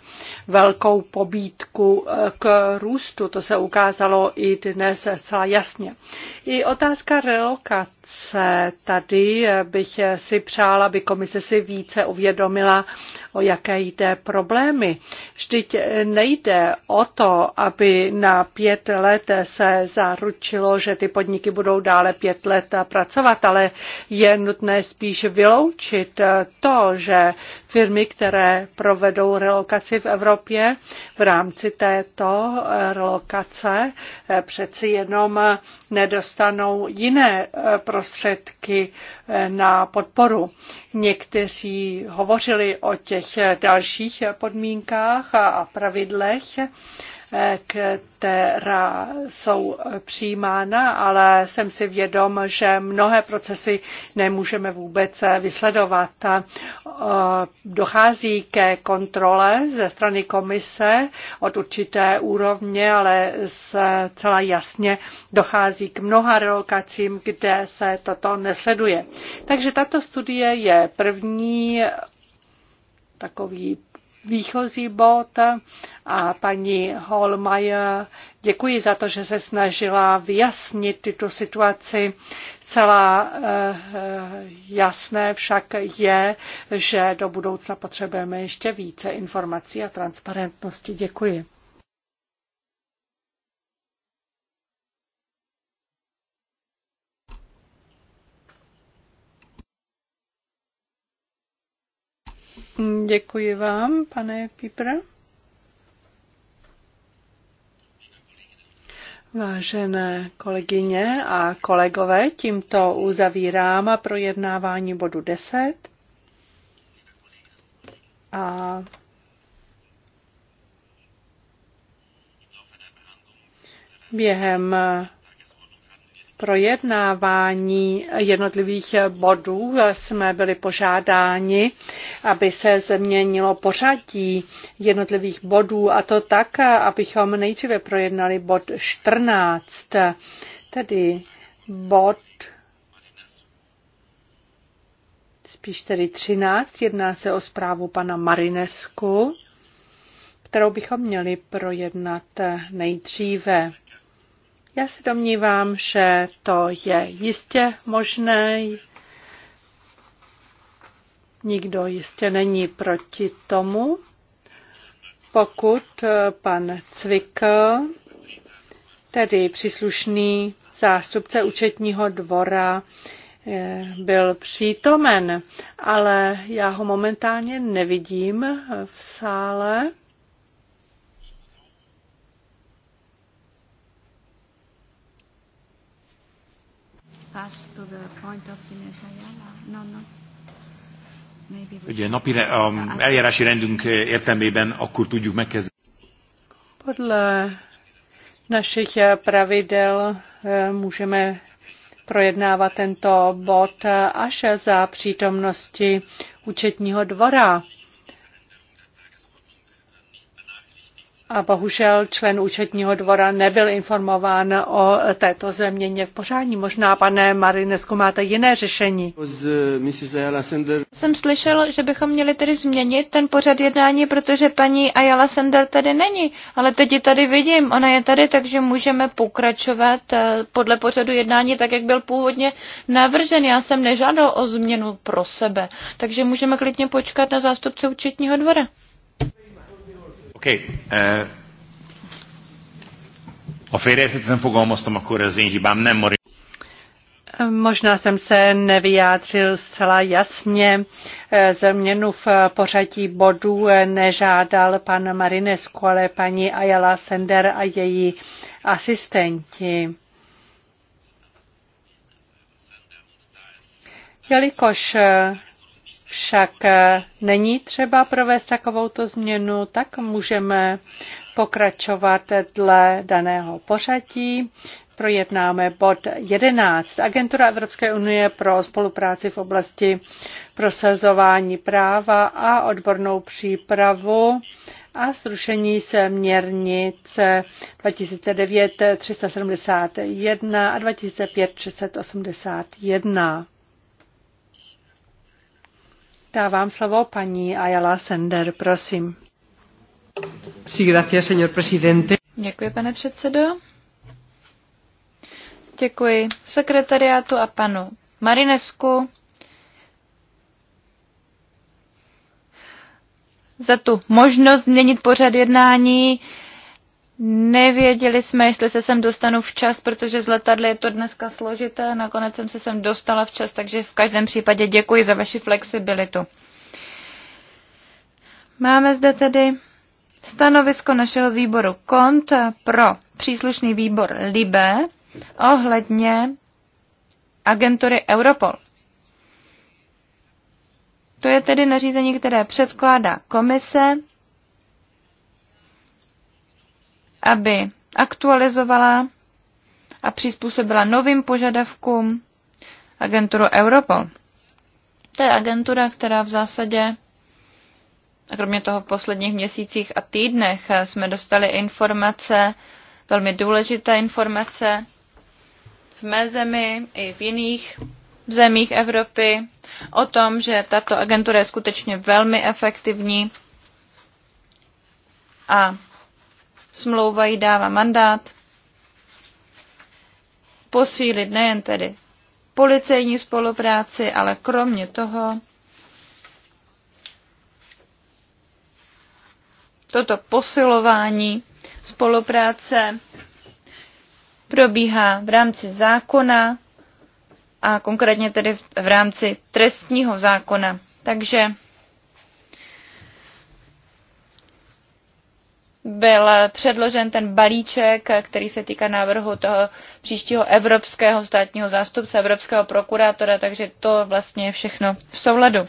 velkou pobídku eh, k růstu. To se ukázalo i dnes celá jasně. I otázka relokace. Tady eh, bych si přála, aby komise si více uvědomila, o jaké jde problémy. Vždyť eh, nejde o to, aby na pět let se za zaručilo, že ty podniky budou dále pět let pracovat, ale je nutné spíš vyloučit to, že firmy, které provedou relokaci v Evropě v rámci této relokace, přeci jenom nedostanou jiné prostředky na podporu. Někteří hovořili o těch dalších podmínkách a pravidlech, která jsou přijímána, ale jsem si vědom, že mnohé procesy nemůžeme vůbec vysledovat. Dochází ke kontrole ze strany komise od určité úrovně, ale celá jasně dochází k mnoha relokacím, kde se toto nesleduje. Takže tato studie je první takový výchozí bod a paní Holmeier děkuji za to, že se snažila vyjasnit tuto situaci. Celá eh, jasné však je, že do budoucna potřebujeme ještě více informací a transparentnosti. Děkuji. Mm, děkuji vám, pane Pípr. Vážené kolegyně a kolegové, tímto uzavírám projednávání bodu 10. A během projednávání jednotlivých bodů jsme byli požádáni, aby se změnilo pořadí jednotlivých bodů a to tak, abychom nejdříve projednali bod 14, tedy bod spíš tedy 13, jedná se o zprávu pana Marinesku, kterou bychom měli projednat nejdříve. Já se domnívám, že to je jistě možné. Nikdo jistě není proti tomu, pokud eh, pan Cvikl, tedy příslušný zástupce účetního dvora, eh, byl přítomen, ale já ho momentálně nevidím eh, v sále. pass to the point of Ines No, no. Ugye napi a eljárási rendünk eh, értelmében akkor tudjuk megkezdeni. Podle našich eh, pravidel eh, můžeme projednávat tento bod až za přítomnosti účetního dvora. a bohužel člen účetního dvora nebyl informován o této změně v pořádní. Možná, pane Marinesku, máte jiné řešení. Jsem slyšel, že bychom měli tedy změnit ten pořad jednání, protože paní Ayala Sender tady není, ale teď ji tady vidím. Ona je tady, takže můžeme pokračovat eh, podle pořadu jednání, tak jak byl původně navržen. Já jsem nežádal o změnu pro sebe, takže můžeme klidně počkat na zástupce účetního dvora. Oké. Okay. Uh, a félreérthetetlen fogalmaztam, akkor az én hibám nem marad. Možná jsem se nevyjádřil zcela jasně. Eh, změnu v pořadí bodů eh, nežádal pan Marinesku, ale paní Ayala Sender a její asistenti. Jelikož eh, však eh, není třeba provést takovouto změnu, tak můžeme pokračovat dle daného pořadí. Projednáme bod 11. Agentura Evropské unie pro spolupráci v oblasti prosazování práva a odbornou přípravu a zrušení směrnic 2009 371 a 2005 381. Dávám slovo paní Ayala Sender, prosím. Sí, gracias, señor presidente. Děkuji, pane předsedo. Děkuji sekretariátu a panu Marinesku za tu možnost změnit pořad jednání Nevěděli jsme, jestli se sem dostanu včas, protože z letadly je to dneska složité. Nakonec jsem se sem dostala včas, takže v každém případě děkuji za vaši flexibilitu. Máme zde tedy stanovisko našeho výboru KONT pro příslušný výbor LIBE ohledně agentury Europol. To je tedy nařízení, které předkládá komise aby aktualizovala a přizpůsobila novým požadavkům agenturu Europol. To je agentura, která v zásadě, a kromě toho v posledních měsících a týdnech eh, jsme dostali informace, velmi důležité informace v mé zemi i v jiných zemích Evropy o tom, že tato agentura je skutečně velmi efektivní a Smlouva jí dává mandát posílit nejen tedy policejní spolupráci, ale kromě toho toto posilování spolupráce probíhá v rámci zákona a konkrétně tedy v rámci trestního zákona. Takže byl předložen ten balíček, který se týká návrhu toho příštího evropského státního zástupce, evropského prokurátora, takže to vlastně je všechno v souladu.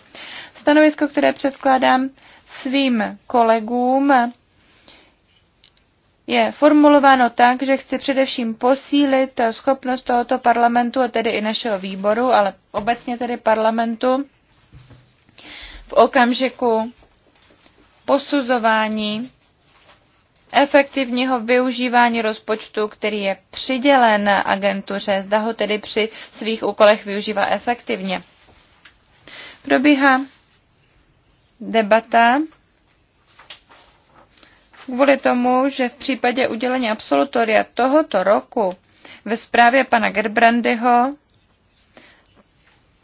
Stanovisko, které předkládám svým kolegům, je formulováno tak, že chci především posílit schopnost tohoto parlamentu, a tedy i našeho výboru, ale obecně tedy parlamentu, v okamžiku posuzování efektivního využívání rozpočtu, který je přidělen agentuře, zda ho tedy při svých úkolech využívá efektivně. Probíhá debata kvůli tomu, že v případě udělení absolutoria tohoto roku ve zprávě pana Gerbrandyho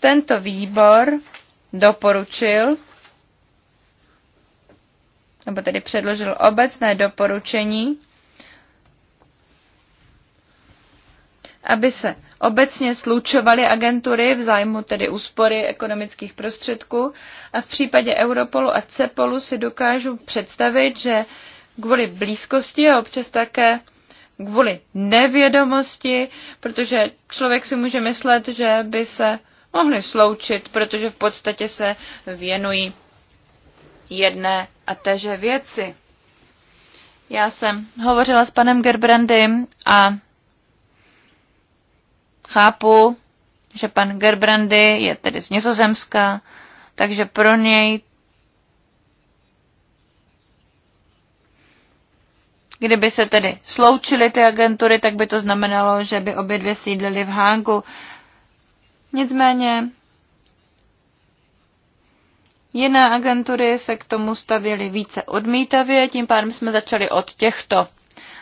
tento výbor doporučil nebo tedy předložil obecné doporučení, aby se obecně slučovaly agentury v zájmu tedy úspory ekonomických prostředků a v případě Europolu a CEPOLu si dokážu představit, že kvůli blízkosti a občas také kvůli nevědomosti, protože člověk si může myslet, že by se mohli sloučit, protože v podstatě se věnují jedné a téže věci. Já jsem hovořila s panem Gerbrandym a chápu, že pan Gerbrandy je tedy z Nizozemska, takže pro něj Kdyby se tedy sloučily ty agentury, tak by to znamenalo, že by obě dvě sídlily v Hágu. Nicméně Jiné agentury se k tomu stavěly více odmítavě, tím pádem jsme začali od těchto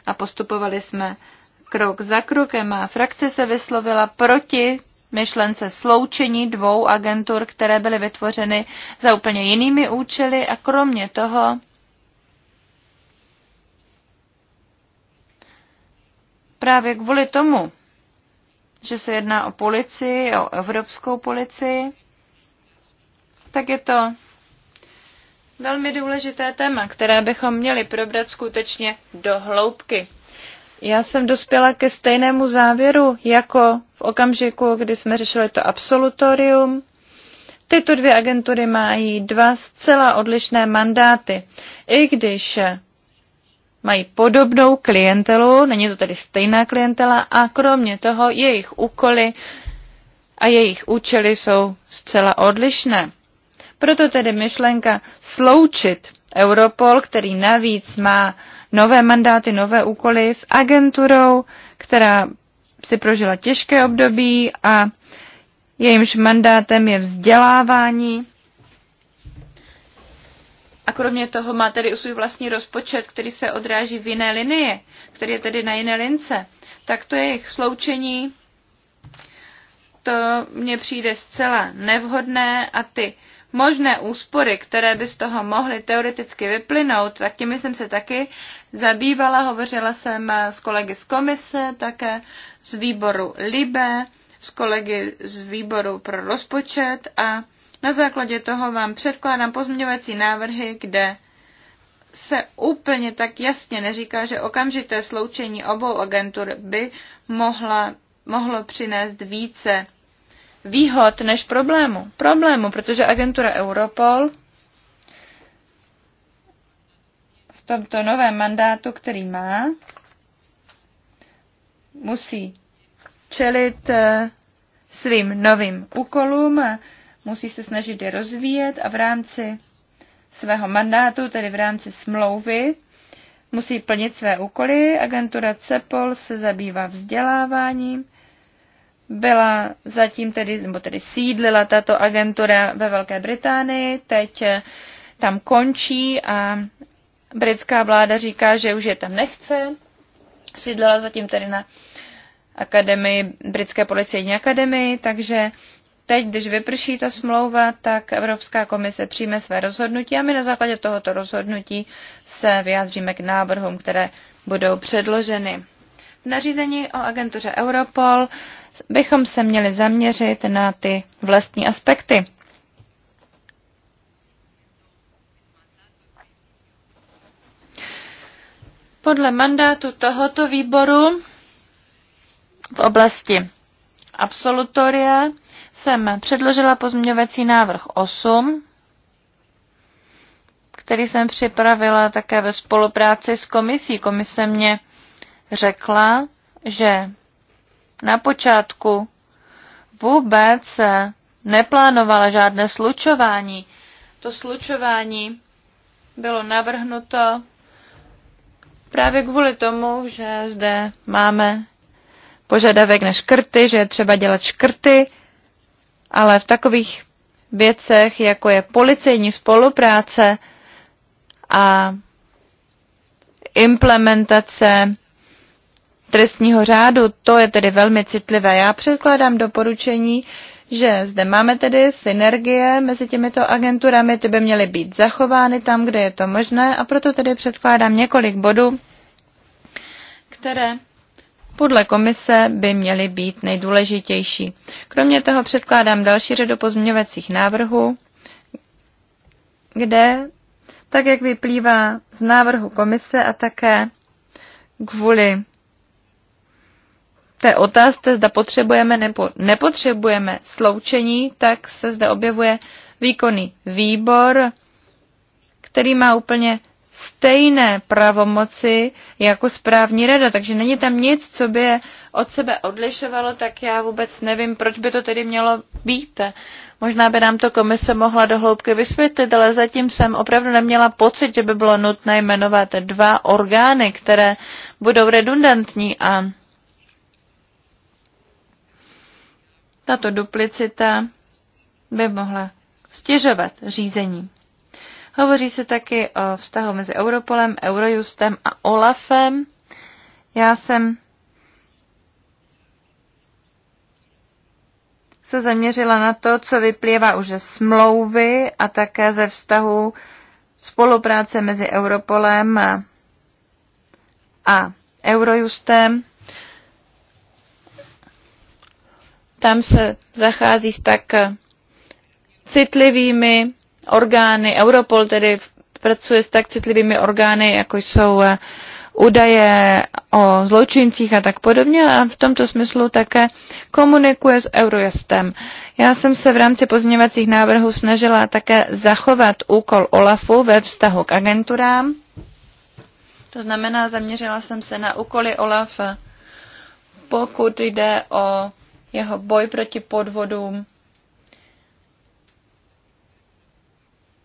a postupovali jsme krok za krokem. A frakce se vyslovila proti myšlence sloučení dvou agentur, které byly vytvořeny za úplně jinými účely a kromě toho právě kvůli tomu, že se jedná o policii, o evropskou policii, tak je to velmi důležité téma, které bychom měli probrat skutečně do hloubky. Já jsem dospěla ke stejnému závěru jako v okamžiku, kdy jsme řešili to absolutorium. Tyto dvě agentury mají dva zcela odlišné mandáty. I když mají podobnou klientelu, není to tedy stejná klientela, a kromě toho jejich úkoly a jejich účely jsou zcela odlišné. Proto tedy myšlenka sloučit Europol, který navíc má nové mandáty, nové úkoly s agenturou, která si prožila těžké období a jejímž mandátem je vzdělávání. A kromě toho má tedy svůj vlastní rozpočet, který se odráží v jiné linie, který je tedy na jiné lince. Tak to je jejich sloučení. To mně přijde zcela nevhodné a ty možné úspory, které by z toho mohly teoreticky vyplynout, tak těmi jsem se taky zabývala. Hovořila jsem s kolegy z komise, také z výboru LIBE, s kolegy z výboru pro rozpočet a na základě toho vám předkládám pozměňovací návrhy, kde se úplně tak jasně neříká, že okamžité sloučení obou agentur by mohla, mohlo přinést více výhod než problému. Problému, protože agentura Europol v tomto novém mandátu, který má, musí čelit eh, svým novým úkolům, musí se snažit je rozvíjet a v rámci svého mandátu, tedy v rámci smlouvy, musí plnit své úkoly. Agentura CEPOL se zabývá vzděláváním, byla zatím tedy, nebo tedy sídlila tato agentura ve Velké Británii, teď eh, tam končí a britská vláda říká, že už je tam nechce. Sídlila zatím tedy na akademii, britské policejní akademii, takže teď, když vyprší ta smlouva, tak Evropská komise přijme své rozhodnutí a my na základě tohoto rozhodnutí se vyjádříme k návrhům, které budou předloženy. V nařízení o agentuře Europol bychom se měli zaměřit na ty vlastní aspekty. Podle mandátu tohoto výboru v oblasti absolutoria jsem předložila pozměňovací návrh 8, který jsem připravila také ve spolupráci s komisí. Komise mě řekla, že na počátku vůbec neplánovala žádné slučování. To slučování bylo navrhnuto právě kvůli tomu, že zde máme požadavek na škrty, že je třeba dělat škrty, ale v takových věcech, jako je policejní spolupráce a implementace trestního řádu. To je tedy velmi citlivé. Já předkládám doporučení, že zde máme tedy synergie mezi těmito agenturami, ty by měly být zachovány tam, kde je to možné a proto tedy předkládám několik bodů, které podle komise by měly být nejdůležitější. Kromě toho předkládám další řadu pozměňovacích návrhů, kde, tak jak vyplývá z návrhu komise a také kvůli té otázce, zda potřebujeme nebo nepotřebujeme sloučení, tak se zde objevuje výkonný výbor, který má úplně stejné pravomoci jako správní rada, takže není tam nic, co by je od sebe odlišovalo, tak já vůbec nevím, proč by to tedy mělo být. Možná by nám to komise mohla dohloubky vysvětlit, ale zatím jsem opravdu neměla pocit, že by bylo nutné jmenovat dva orgány, které budou redundantní a Tato duplicita by mohla stěžovat řízení. Hovoří se taky o vztahu mezi Europolem, Eurojustem a Olafem. Já jsem se zaměřila na to, co vyplývá už ze smlouvy a také ze vztahu spolupráce mezi Europolem a Eurojustem. Tam se zachází s tak eh, citlivými orgány. Europol tedy pracuje s tak citlivými orgány, jako jsou eh, údaje o zločincích a tak podobně a v tomto smyslu také komunikuje s Eurojustem. Já jsem se v rámci pozměňovacích návrhů snažila také zachovat úkol OLAFu ve vztahu k agenturám. To znamená, zaměřila jsem se na úkoly OLAF, eh, pokud jde o jeho boj proti podvodům,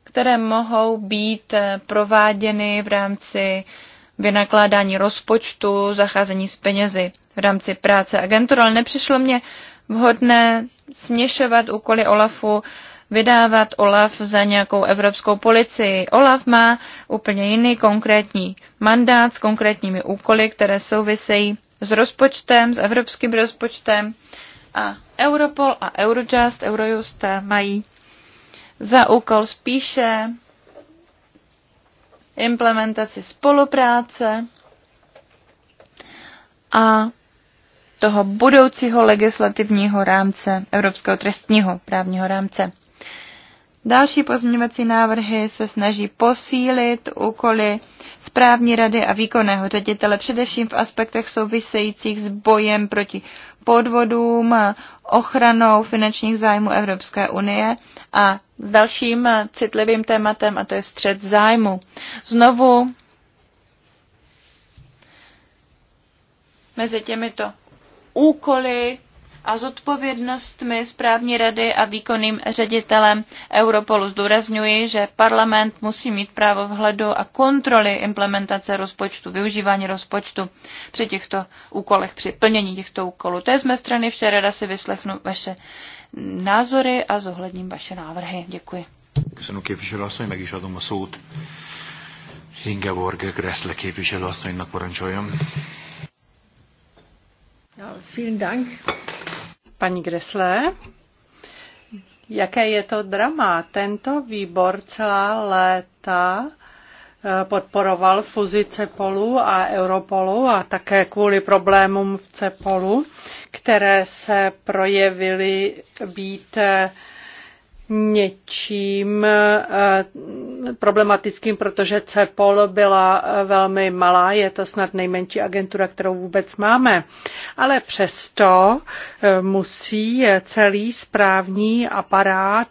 které mohou být eh, prováděny v rámci vynakládání rozpočtu, zacházení s penězi v rámci práce agentur, ale nepřišlo mě vhodné směšovat úkoly OLAFu, vydávat OLAF za nějakou evropskou policii. OLAF má úplně jiný konkrétní mandát s konkrétními úkoly, které souvisejí s rozpočtem, s evropským rozpočtem a Europol a Eurojust, Eurojust mají za úkol spíše implementaci spolupráce a toho budoucího legislativního rámce, evropského trestního právního rámce. Další pozměňovací návrhy se snaží posílit úkoly správní rady a výkonného ředitele, především v aspektech souvisejících s bojem proti podvodům, ochranou finančních zájmů Evropské unie a s dalším citlivým tématem, a to je střed zájmu. Znovu mezi těmito úkoly a zodpovědnostmi správní rady a výkonným ředitelem Europolu. Zdůrazňuji, že parlament musí mít právo vhledu a kontroly implementace rozpočtu, využívání rozpočtu při těchto úkolech, při plnění těchto úkolů. To je z mé strany vše, rada si vyslechnu vaše názory a zohledním vaše návrhy. Děkuji. Köszönöm képviselőasszony, meg is adom parancsoljon. Paní Gresle, jaké je to drama? Tento výbor celá léta eh, podporoval fuzi CEPOLu a Europolu a také kvůli problémům v CEPOLu, které se projevily být eh, něčím eh, problematickým, protože CEPOL byla eh, velmi malá, je to snad nejmenší agentura, kterou vůbec máme. Ale přesto eh, musí celý správní aparát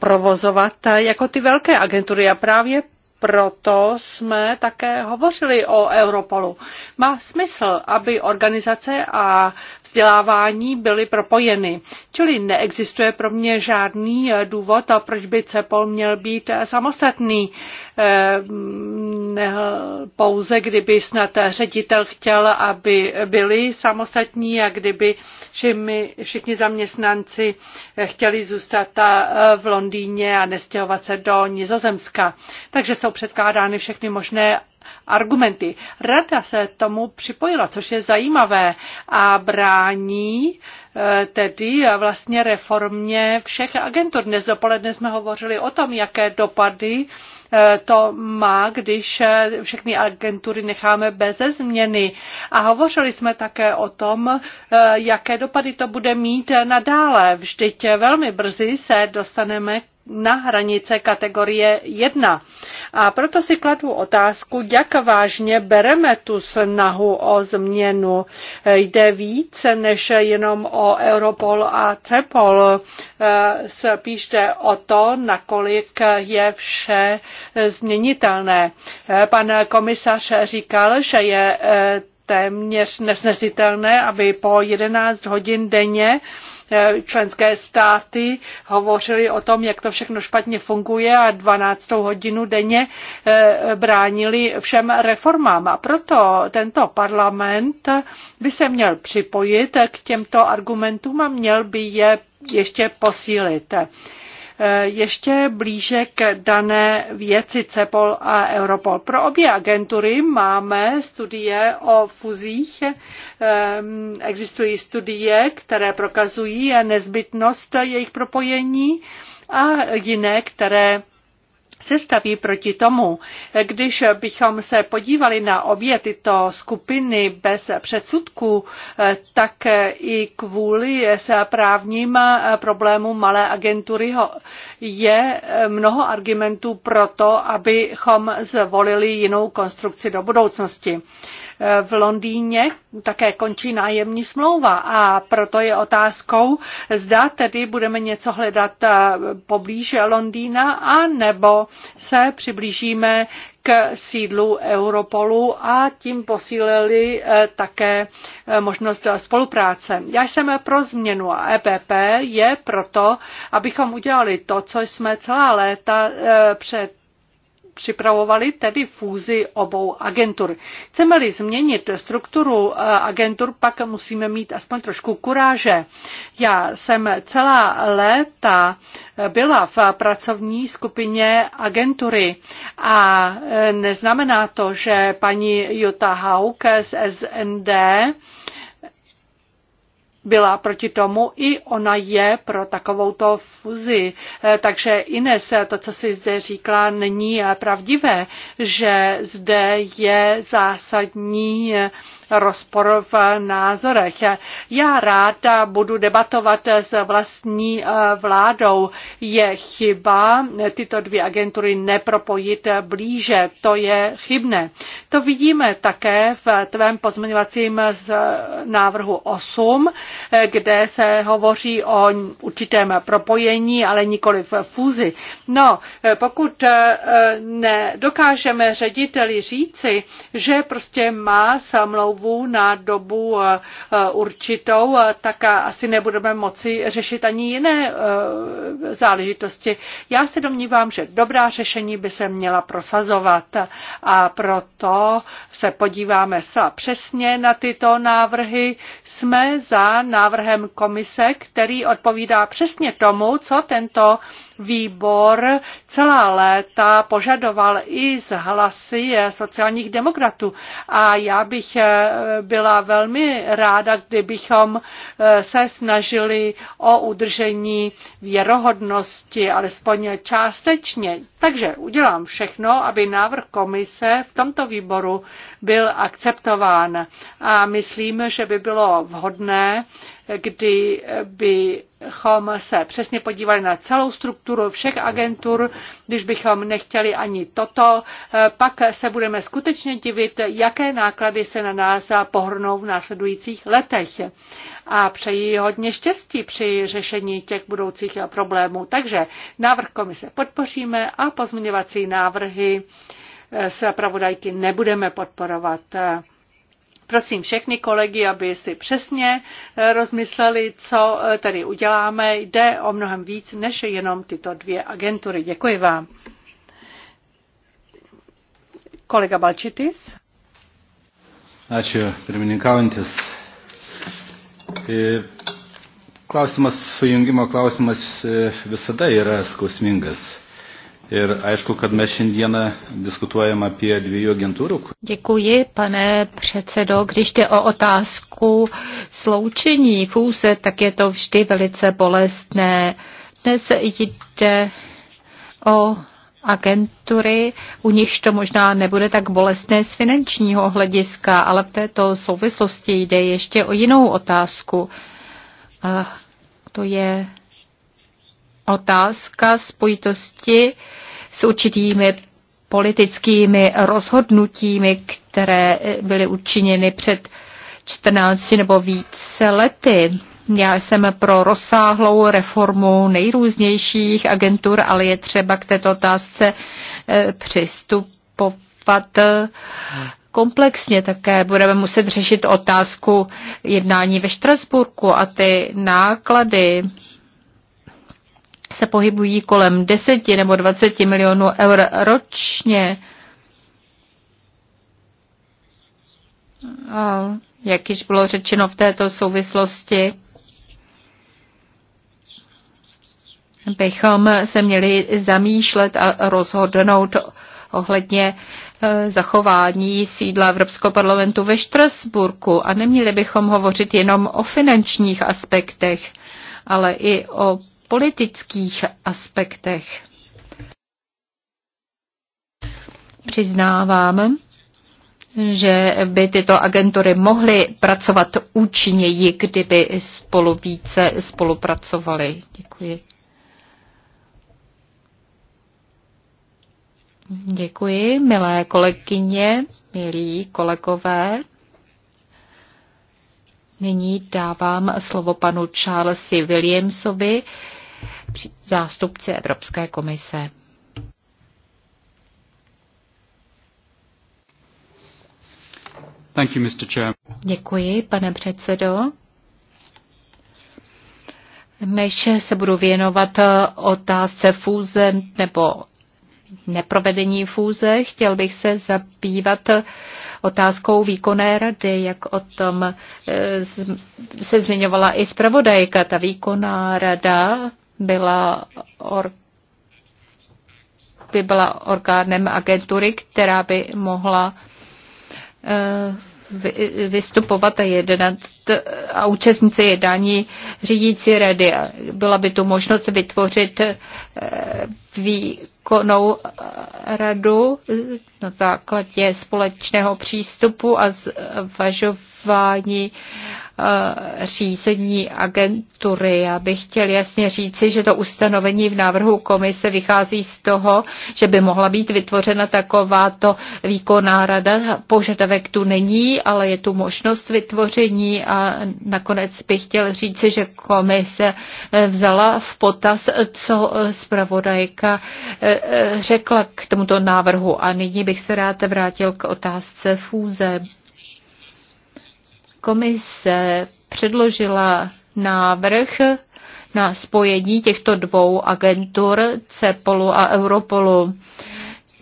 provozovat jako ty velké agentury a právě proto jsme také hovořili o Europolu. Má smysl, aby organizace a vzdělávání byly propojeny. Čili neexistuje pro mě žádný eh, důvod, proč by CEPOL měl být eh, samostatný. Eh, ne, pouze kdyby snad ředitel chtěl, aby byli samostatní a kdyby že my všichni zaměstnanci chtěli zůstat eh, v Londýně a nestěhovat se do Nizozemska. Takže jsou předkládány všechny možné argumenty. Rada se tomu připojila, což je zajímavé a brání eh, tedy vlastně reformě všech agentur. Dnes dopoledne jsme hovořili o tom, jaké dopady Eh, to má, když eh, všechny agentury necháme bez změny. A hovořili jsme také o tom, eh, jaké dopady to bude mít nadále. Vždyť velmi brzy se dostaneme na hranice kategorie 1. A proto si kladu otázku, jak vážně bereme tu snahu o změnu. Jde více než jenom o Europol a Cepol. E, Spíšte o to, nakolik je vše změnitelné. E, pan komisař říkal, že je e, téměř nesnesitelné, aby po 11 hodin denně Eh, členské státy hovořily o tom, jak to všechno špatně funguje a 12 hodinu denně eh, bránili všem reformám. A proto tento parlament by se měl připojit k těmto argumentům a měl by je ještě posílit. Eh, ještě blíže k dané věci CEPOL a Europol. Pro obě agentury máme studie o fuzích, eh, existují studie, které prokazují nezbytnost jejich propojení a jiné, které se staví proti tomu. Když bychom se podívali na obě tyto skupiny bez předsudků, tak i kvůli se právním problémům malé agentury je mnoho argumentů pro to, abychom zvolili jinou konstrukci do budoucnosti v Londýně také končí nájemní smlouva a proto je otázkou, zda tedy budeme něco hledat eh, poblíž Londýna a nebo se přiblížíme k sídlu Europolu a tím posílili eh, také eh, možnost spolupráce. Já jsem pro změnu a EPP je proto, abychom udělali to, co jsme celá léta před připravovali tedy fúzi obou agentur. Chceme-li změnit strukturu eh, agentur, pak musíme mít aspoň trošku kuráže. Já jsem celá léta eh, byla v pracovní skupině agentury a eh, neznamená to, že paní Jutta Hauke z SND byla proti tomu, i ona je pro takovouto fuzi. Eh, takže Ines, to, co si zde říkala, není eh, pravdivé, že zde je zásadní eh, rozpor v názorech. Já ráda budu debatovat s vlastní eh, vládou. Je chyba tyto dvě agentury nepropojit blíže. To je chybné. To vidíme také v tvém pozměňovacím návrhu 8, kde se hovoří o určitém propojení, ale nikoli v fúzi. No, pokud eh, nedokážeme řediteli říci, že prostě má samlou smlouvu na dobu eh, eh, určitou, eh, tak asi nebudeme moci řešit ani jiné záležitosti. Já se domnívám, že dobrá řešení by se měla prosazovat a proto se podíváme se přesně na tyto návrhy. Jsme za návrhem komise, který odpovídá přesně tomu, co tento výbor celá léta požadoval i z hlasy sociálních demokratů. A já bych eh, byla velmi ráda, kdybychom eh, se snažili o udržení věrohodnosti, alespoň částečně. Takže udělám všechno, aby návrh komise v tomto výboru byl akceptován. A myslím, že by bylo vhodné, kdy bychom se přesně podívali na celou strukturu všech agentur, když bychom nechtěli ani toto, eh, pak se budeme skutečně divit, jaké náklady se na nás pohrnou v následujících letech. A přeji hodně štěstí při řešení těch budoucích problémů. Takže návrh komise podpoříme a pozměňovací návrhy se eh, pravodajky nebudeme podporovat. Prosím všechny kolegy, aby si přesně eh, rozmysleli, co eh, tady uděláme. Jde o mnohem víc než jenom tyto dvě agentury. Děkuji vám. Kolega Balčitis. Ačiū, pirmininkaujantis. E, klausimas, sujungimo klausimas e, visada yra skausmingas. Ir aišku, kad mes šiandieną diskutuojame apie dviejų agentūrų. Děkuji, pane předsedo. Když jde o otázku sloučení fůze, tak je to vždy velice bolestné. Dnes jde o agentury, u nichž to možná nebude tak bolestné z finančního hlediska, ale v této souvislosti jde ještě o jinou otázku. A to je otázka spojitosti s určitými politickými rozhodnutími, které byly učiněny před 14 nebo více lety. Já jsem pro rozsáhlou reformu nejrůznějších agentur, ale je třeba k této otázce eh, přistupovat eh, komplexně také. Budeme muset řešit otázku jednání ve Štrasburku a ty náklady se pohybují kolem 10 nebo 20 milionů eur ročně. A jak již bylo řečeno v této souvislosti, bychom se měli zamýšlet a rozhodnout ohledně eh, zachování sídla Evropského parlamentu ve Štrasburku a neměli bychom hovořit jenom o finančních aspektech, ale i o politických aspektech. Přiznávám, že by tyto agentury mohly pracovat účinněji, kdyby spolu více spolupracovaly. Děkuji. Děkuji, milé kolegyně, milí kolegové. Nyní dávám slovo panu Charlesi Williamsovi, zástupci Evropské komise. Thank you, Mr. Chair. Děkuji, pane předsedo. Než se budu věnovat eh, otázce fůze nebo neprovedení fůze, chtěl bych se zabývat otázkou výkonné rady, jak o tom eh, se zmiňovala i zpravodajka. Ta výkonná rada byla or, by byla orgánem agentury, která by mohla eh, vystupovat a jednat a účastnit se jednání řídící rady. Byla by tu možnost vytvořit eh, výkonnou radu na základě společného přístupu a zvažování Eh, řízení agentury. Já bych chtěl jasně říci, že to ustanovení v návrhu komise vychází z toho, že by mohla být vytvořena takováto výkonná rada. Požadavek tu není, ale je tu možnost vytvoření a nakonec bych chtěl říci, že komise eh, vzala v potaz, co zpravodajka eh, řekla k tomuto návrhu. A nyní bych se rád vrátil k otázce fůze. Komise předložila návrh na spojení těchto dvou agentur CEPOLu a Europolu.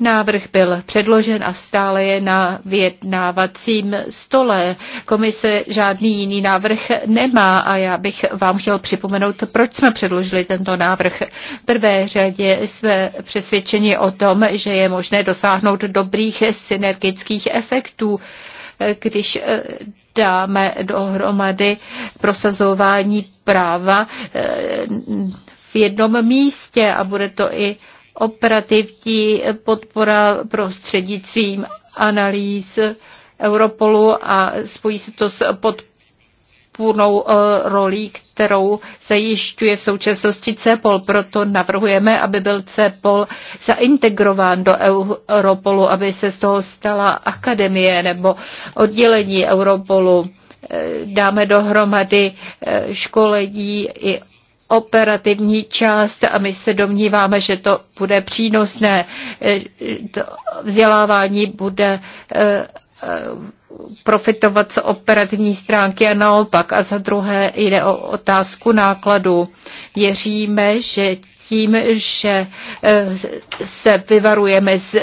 Návrh byl předložen a stále je na vyjednávacím stole. Komise žádný jiný návrh nemá a já bych vám chtěl připomenout, proč jsme předložili tento návrh. V prvé řadě jsme přesvědčeni o tom, že je možné dosáhnout dobrých synergických efektů když eh, dáme dohromady prosazování práva eh, v jednom místě a bude to i operativní podpora prostřednictvím analýz Europolu a spojí se to s podporou podpůrnou eh, rolí, kterou zajišťuje v současnosti CEPOL. Proto navrhujeme, aby byl CEPOL zaintegrován do Europolu, aby se z toho stala akademie nebo oddělení Europolu. Eh, dáme dohromady eh, školení i operativní část a my se domníváme, že to bude přínosné. Vzdělávání bude profitovat z operativní stránky a naopak. A za druhé jde o otázku nákladu. Věříme, že tím, že eh, se vyvarujeme z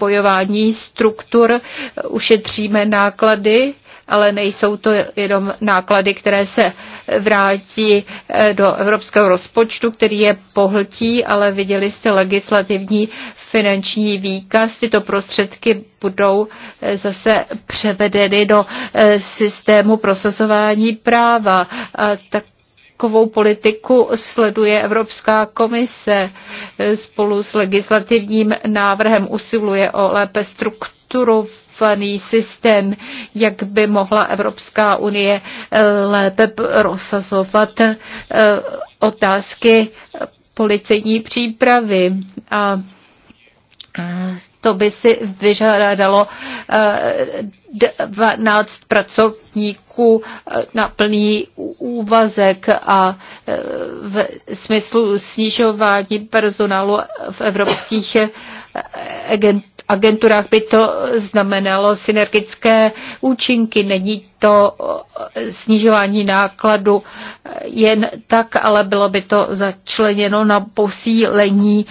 vojování struktur, ušetříme náklady, ale nejsou to jenom náklady, které se vrátí eh, do evropského rozpočtu, který je pohltí, ale viděli jste legislativní finanční výkaz. Tyto prostředky budou eh, zase převedeny do eh, systému prosazování práva. A tak Takovou politiku sleduje Evropská komise eh, spolu s legislativním návrhem usiluje o lépe strukturovaný systém, jak by mohla Evropská unie lépe rozsazovat otázky policejní přípravy. A to by si vyžádalo 12 eh, pracovníků eh, na plný úvazek a eh, v smyslu snižování personálu v evropských agenturách by to znamenalo synergické účinky. Není to snižování nákladu jen tak, ale bylo by to začleněno na posílení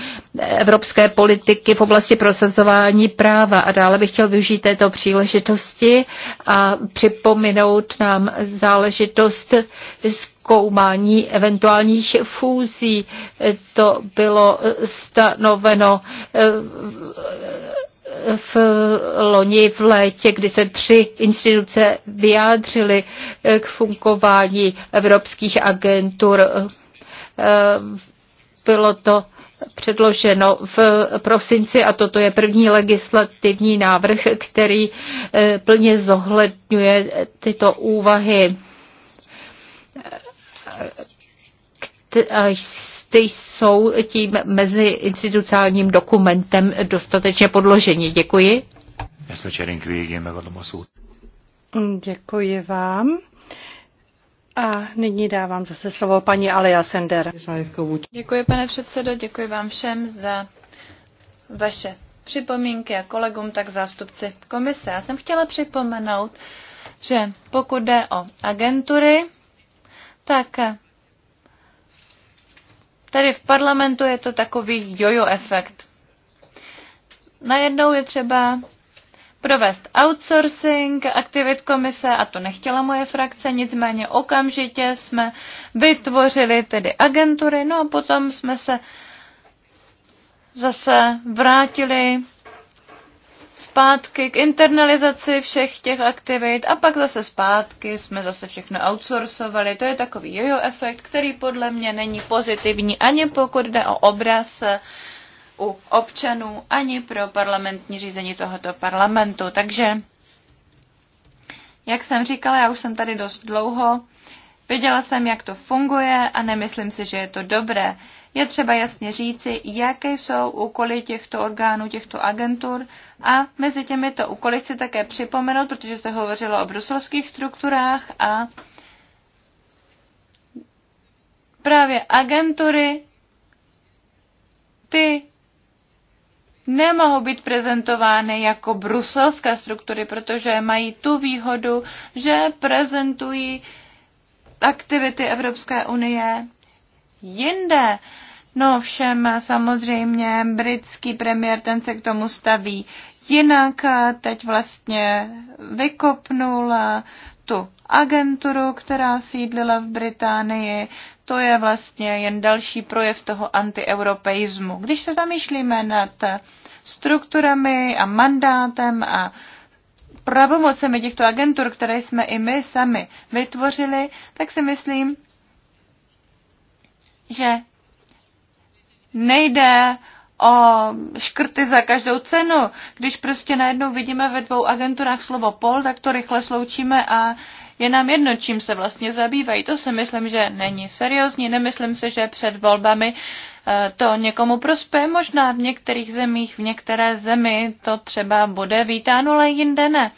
evropské politiky v oblasti prosazování práva. A dále bych chtěl využít této příležitosti a připomenout nám záležitost zkoumání eventuálních fúzí. To bylo stanoveno v loni v létě, kdy se tři instituce vyjádřily eh, k fungování evropských agentur. Eh, bylo to předloženo v prosinci a toto je první legislativní návrh, který eh, plně zohledňuje tyto úvahy ty jsou tím meziinstitucionálním dokumentem dostatečně podloženi. Děkuji. Děkuji vám. A nyní dávám zase slovo paní Alia Sender. Děkuji, pane předsedo, děkuji vám všem za vaše připomínky a kolegům, tak zástupci komise. Já jsem chtěla připomenout, že pokud jde o agentury, tak Tady v parlamentu je to takový jojo efekt. Najednou je třeba provést outsourcing aktivit komise, a to nechtěla moje frakce, nicméně okamžitě jsme vytvořili tedy agentury, no a potom jsme se zase vrátili zpátky k internalizaci všech těch aktivit a pak zase zpátky jsme zase všechno outsourcovali. To je takový jojo efekt, který podle mě není pozitivní ani pokud jde o obraz eh, u občanů, ani pro parlamentní řízení tohoto parlamentu. Takže, jak jsem říkala, já už jsem tady dost dlouho, viděla jsem, jak to funguje a nemyslím si, že je to dobré. Je třeba jasně říci, jaké jsou úkoly těchto orgánů, těchto agentur a mezi těmito úkoly chci také připomenout, protože se hovořilo o bruselských strukturách a právě agentury ty nemohou být prezentovány jako bruselské struktury, protože mají tu výhodu, že prezentují aktivity Evropské unie jinde. No všem samozřejmě britský premiér ten se k tomu staví jinak. Teď vlastně vykopnul tu agenturu, která sídlila v Británii. To je vlastně jen další projev toho antieuropeismu. Když se zamýšlíme nad strukturami a mandátem a pravomocemi těchto agentur, které jsme i my sami vytvořili, tak si myslím, že nejde o škrty za každou cenu. Když prostě najednou vidíme ve dvou agenturách slovo pol, tak to rychle sloučíme a je nám jedno, čím se vlastně zabývají. To si myslím, že není seriózní. Nemyslím si, že před volbami eh, to někomu prospěje. Možná v některých zemích, v některé zemi to třeba bude vítáno, ale jinde ne.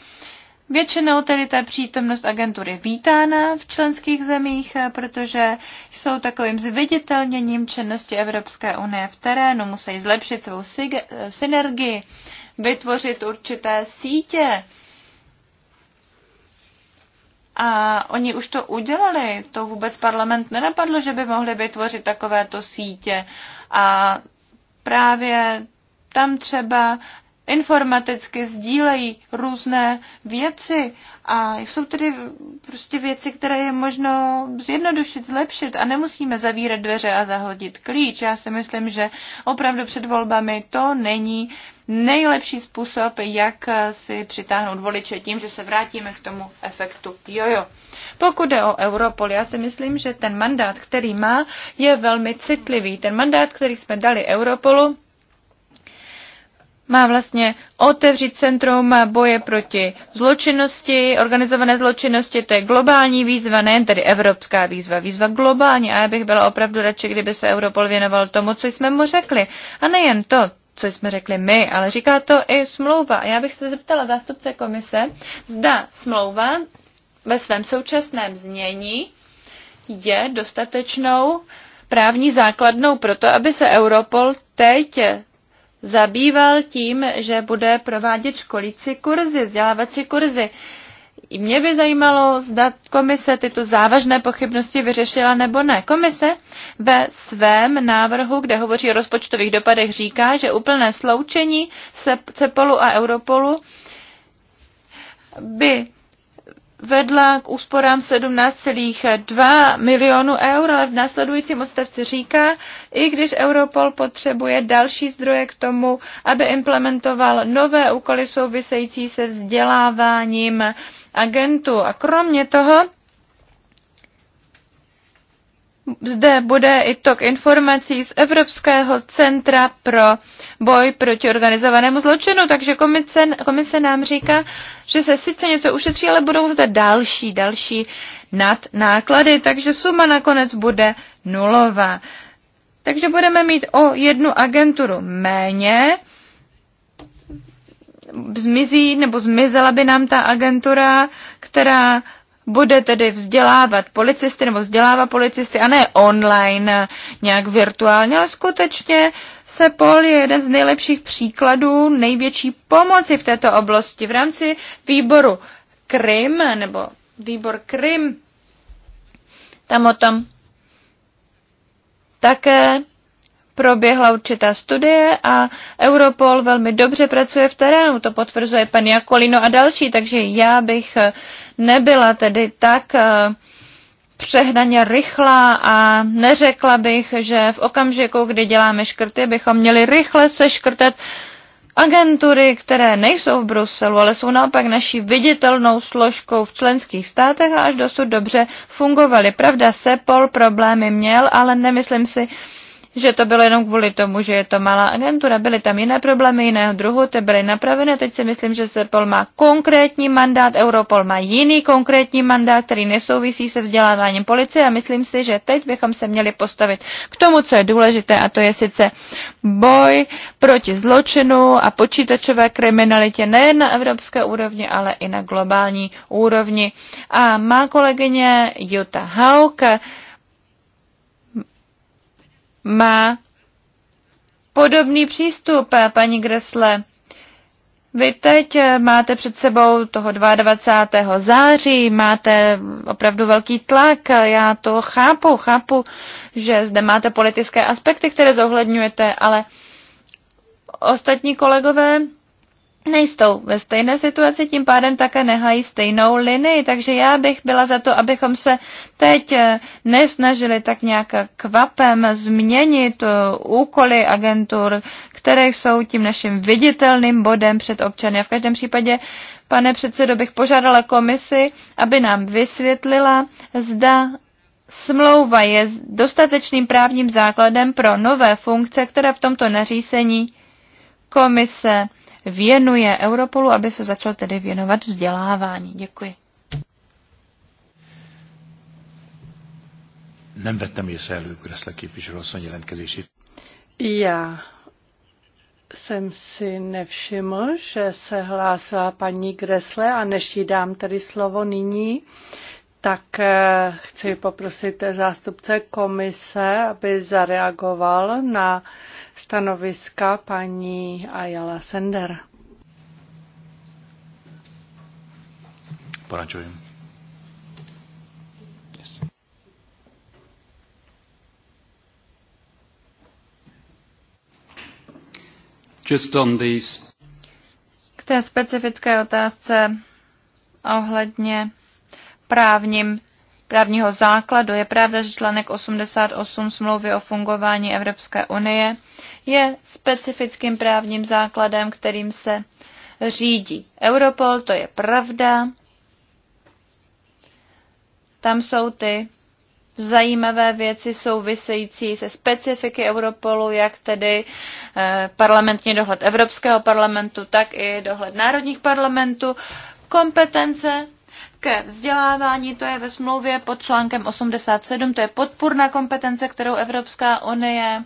Většinou tedy ta přítomnost agentury vítána v členských zemích, eh, protože jsou takovým zviditelněním činnosti Evropské unie v terénu, musí zlepšit svou eh, synergii, vytvořit určité sítě. A oni už to udělali, to vůbec parlament nenapadlo, že by mohli vytvořit takovéto sítě. A právě tam třeba informaticky sdílejí různé věci a jsou tedy prostě věci, které je možno zjednodušit, zlepšit a nemusíme zavírat dveře a zahodit klíč. Já si myslím, že opravdu před volbami to není nejlepší způsob, jak si přitáhnout voliče tím, že se vrátíme k tomu efektu jojo. Pokud jde o Europol, já si myslím, že ten mandát, který má, je velmi citlivý. Ten mandát, který jsme dali Europolu, má vlastně otevřít centrum boje proti zločinnosti, organizované zločinnosti, to je globální výzva, nejen tedy evropská výzva, výzva globální. A já bych byla opravdu radši, kdyby se Europol věnoval tomu, co jsme mu řekli. A nejen to, co jsme řekli my, ale říká to i smlouva. A já bych se zeptala zástupce komise, zda smlouva ve svém současném znění je dostatečnou právní základnou pro to, aby se Europol teď zabýval tím, že bude provádět školící kurzy, vzdělávací kurzy. Mě by zajímalo, zda komise tyto závažné pochybnosti vyřešila nebo ne. Komise ve svém návrhu, kde hovoří o rozpočtových dopadech, říká, že úplné sloučení CEPOLu a Europolu by vedla k úsporám 17,2 milionu eur, ale v následujícím odstavci říká, i když Europol potřebuje další zdroje k tomu, aby implementoval nové úkoly související se vzděláváním agentů. A kromě toho zde bude i tok informací z Evropského centra pro boj proti organizovanému zločinu, takže komise, komise nám říká, že se sice něco ušetří, ale budou zde další, další nadnáklady, náklady, takže suma nakonec bude nulová. Takže budeme mít o jednu agenturu méně, zmizí nebo zmizela by nám ta agentura, která bude tedy vzdělávat policisty nebo vzdělává policisty a ne online nějak virtuálně, ale skutečně SEPOL je jeden z nejlepších příkladů největší pomoci v této oblasti. V rámci výboru Krim nebo výbor Krim. tam o tom také proběhla určitá studie a Europol velmi dobře pracuje v terénu, to potvrzuje pan Jakolino a další, takže já bych eh, nebyla tedy tak eh, přehnaně rychlá a neřekla bych, že v okamžiku, kdy děláme škrty, bychom měli rychle seškrtat agentury, které nejsou v Bruselu, ale jsou naopak naší viditelnou složkou v členských státech a až dosud dobře fungovaly. Pravda, Sepol problémy měl, ale nemyslím si, že to bylo jenom kvůli tomu, že je to malá agentura. Byly tam jiné problémy jiného druhu, ty byly napraveny. Teď si myslím, že Sepol má konkrétní mandát, Europol má jiný konkrétní mandát, který nesouvisí se vzděláváním policie a myslím si, že teď bychom se měli postavit k tomu, co je důležité a to je sice boj proti zločinu a počítačové kriminalitě nejen na evropské úrovni, ale i na globální úrovni. A má kolegyně Jutta Hauke má podobný přístup, eh, paní Gresle. Vy teď eh, máte před sebou toho 22. září, máte opravdu velký tlak, já to chápu, chápu, že zde máte politické aspekty, které zohledňujete, ale ostatní kolegové nejsou ve stejné situaci, tím pádem také nehají stejnou linii, takže já bych byla za to, abychom se teď eh, nesnažili tak nějak kvapem změnit eh, úkoly agentur, které jsou tím naším viditelným bodem před občany. A v každém případě, pane předsedo, bych požádala komisi, aby nám vysvětlila, zda smlouva je dostatečným právním základem pro nové funkce, které v tomto nařízení komise věnuje Europolu, aby se začal tedy věnovat vzdělávání. Děkuji. Nem vettem észre előbb Greszle képviselőasszony jelentkezését. Já jsem si nevšiml, že se hlásila paní Gresle a než jí dám tedy slovo nyní, tak eh, chci poprosit zástupce komise, aby zareagoval na stanoviska paní Ayala Sender. Poračujem. K té specifické otázce ohledně právním, právního základu je pravda, že článek 88 smlouvy o fungování Evropské unie je specifickým právním základem, kterým se řídí Europol, to je pravda. Tam jsou ty zajímavé věci související se specifiky Europolu, jak tedy eh, parlamentní dohled Evropského parlamentu, tak i dohled národních parlamentů, kompetence ke vzdělávání, to je ve smlouvě pod článkem 87, to je podpůrná kompetence, kterou Evropská unie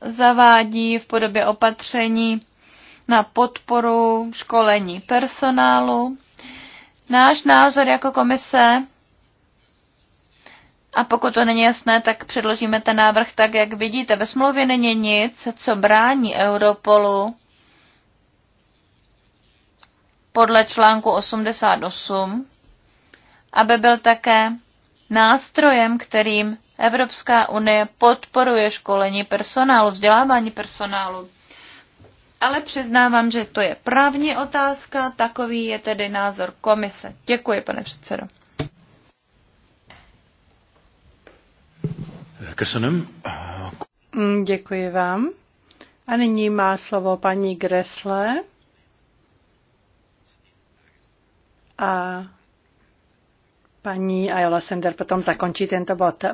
zavádí v podobě opatření na podporu školení personálu. Náš názor jako komise, a pokud to není jasné, tak předložíme ten návrh tak, jak vidíte. Ve smlouvě není nic, co brání Europolu podle článku 88, aby byl také nástrojem, kterým Evropská unie podporuje školení personálu, vzdělávání personálu. Ale přiznávám, že to je právní otázka, takový je tedy názor komise. Děkuji, pane předsedo. Děkuji vám. A nyní má slovo paní Gresle. A Paní Ayala Sender potom zakončí tento bod.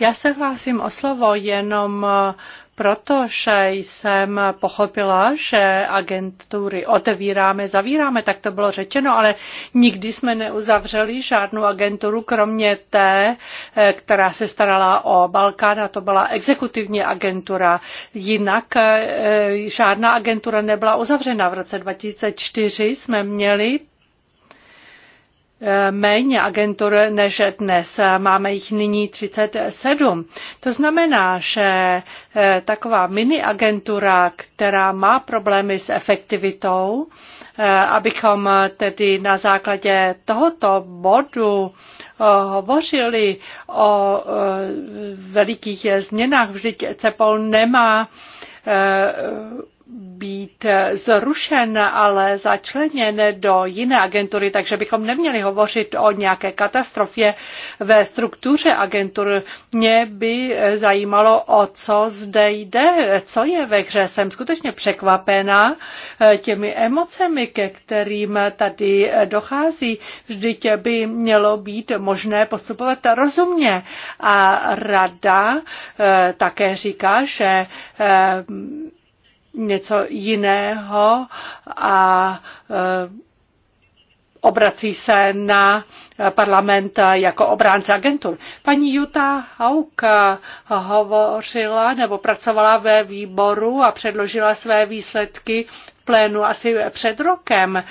Já se hlásím o slovo jenom eh, proto, že jsem pochopila, že agentury otevíráme, zavíráme, tak to bylo řečeno, ale nikdy jsme neuzavřeli žádnou agenturu, kromě té, eh, která se starala o Balkán a to byla exekutivní agentura. Jinak eh, žádná agentura nebyla uzavřena. V roce 2004 jsme měli méně agentur než dnes. Máme jich nyní 37. To znamená, že eh, taková mini agentura, která má problémy s efektivitou, eh, abychom tedy na základě tohoto bodu eh, hovořili o velikých změnách. Vždyť CEPOL nemá být zrušen, ale začleněn do jiné agentury, takže bychom neměli hovořit o nějaké katastrofě ve struktuře agentur. Mě by zajímalo, o co zde jde, co je ve hře. Jsem skutečně překvapená eh, těmi emocemi, ke kterým tady eh, dochází. Vždyť by mělo být možné postupovat rozumně. A rada eh, také říká, že něco jiného a eh, obrací se na parlament jako obránce agentur. Paní Jutta Hauk hovořila nebo pracovala ve výboru a předložila své výsledky plénu asi před rokem.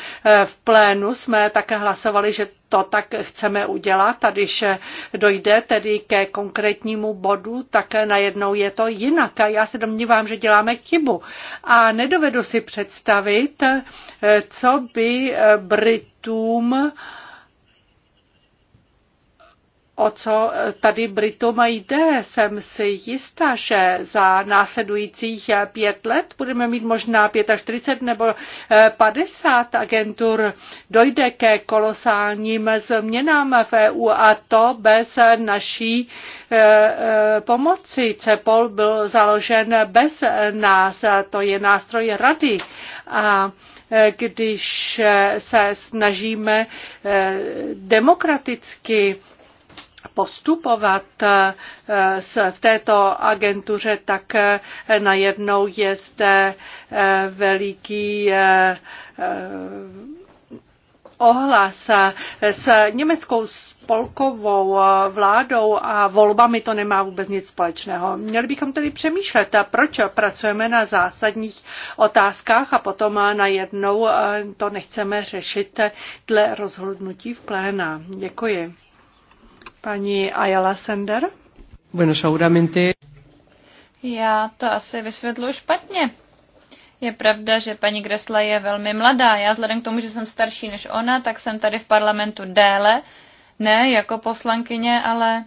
V plénu jsme také hlasovali, že to tak chceme udělat a když dojde tedy ke konkrétnímu bodu, tak najednou je to jinak a já se domnívám, že děláme chybu. A nedovedu si představit, co by Britům o co tady Britům jde. Jsem si jistá, že za následujících pět let budeme mít možná 45 nebo 50 eh, agentur. Dojde ke kolosálním změnám v EU a to bez naší eh, eh, pomoci. CEPOL byl založen bez nás, to je nástroj rady. A když se snažíme demokraticky postupovat eh, v této agentuře, tak eh, najednou je zde eh, veliký ohlas s německou spolkovou vládou a volbami to nemá vůbec nic společného. Měli bychom tedy přemýšlet, proč pracujeme na zásadních otázkách a potom najednou to nechceme řešit dle rozhodnutí v pléna. Děkuji. Paní Ayala Sender? Bueno, seguramente... Já to asi vysvětluji špatně. Je pravda, že paní Gresla je velmi mladá. Já vzhledem k tomu, že jsem starší než ona, tak jsem tady v parlamentu déle. Ne jako poslankyně, ale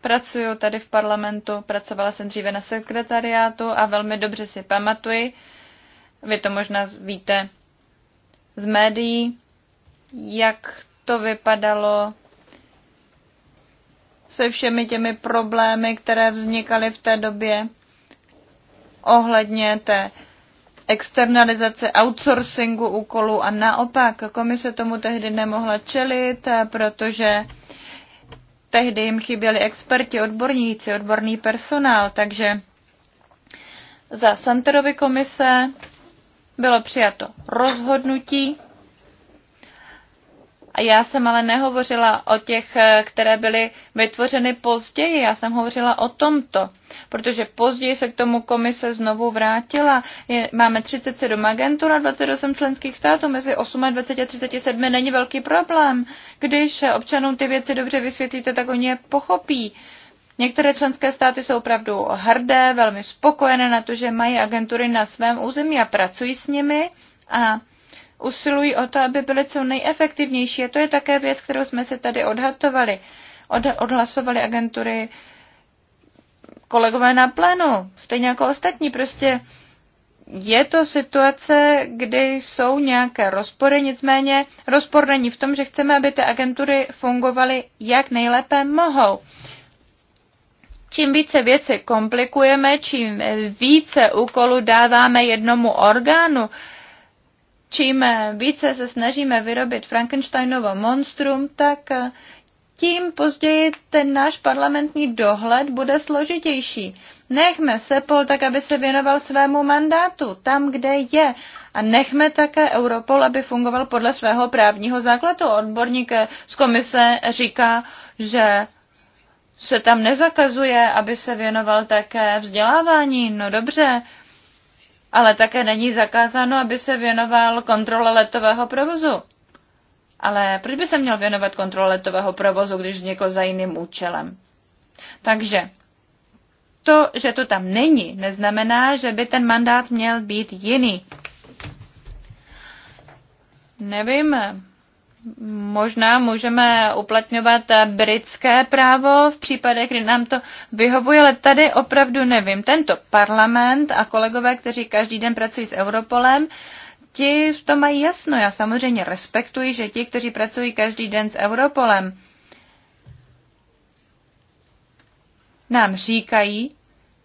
pracuju tady v parlamentu. Pracovala jsem dříve na sekretariátu a velmi dobře si pamatuji. Vy to možná víte z médií, jak to vypadalo se všemi těmi problémy, které vznikaly v té době ohledně té externalizace outsourcingu úkolů a naopak komise tomu tehdy nemohla čelit, protože tehdy jim chyběli experti, odborníci, odborný personál, takže za Santerovy komise bylo přijato rozhodnutí já jsem ale nehovořila o těch, eh, které byly vytvořeny později. Já jsem hovořila o tomto, protože později se k tomu komise znovu vrátila. Je, máme 37 agentur a 28 členských států. Mezi 8 a 28 a 37 není velký problém. Když občanům ty věci dobře vysvětlíte, tak oni je pochopí. Některé členské státy jsou opravdu hrdé, velmi spokojené na to, že mají agentury na svém území a pracují s nimi. A usilují o to, aby byly co nejefektivnější. A to je také věc, kterou jsme si tady odhatovali. Od, odhlasovali agentury kolegové na plénu, stejně jako ostatní. Prostě je to situace, kdy jsou nějaké rozpory, nicméně rozpor není v tom, že chceme, aby ty agentury fungovaly jak nejlépe mohou. Čím více věci komplikujeme, čím více úkolů dáváme jednomu orgánu, čím více se snažíme vyrobit Frankensteinovo monstrum, tak tím později ten náš parlamentní dohled bude složitější. Nechme Sepol tak, aby se věnoval svému mandátu, tam, kde je. A nechme také Europol, aby fungoval podle svého právního základu. Odborník z komise říká, že se tam nezakazuje, aby se věnoval také vzdělávání. No dobře, ale také není zakázáno, aby se věnoval kontrole letového provozu. Ale proč by se měl věnovat kontrole letového provozu, když vznikl za jiným účelem? Takže to, že to tam není, neznamená, že by ten mandát měl být jiný. Nevím, možná můžeme uplatňovat britské právo v případě, kdy nám to vyhovuje, ale tady opravdu nevím. Tento parlament a kolegové, kteří každý den pracují s Europolem, ti to mají jasno. Já samozřejmě respektuji, že ti, kteří pracují každý den s Europolem, nám říkají,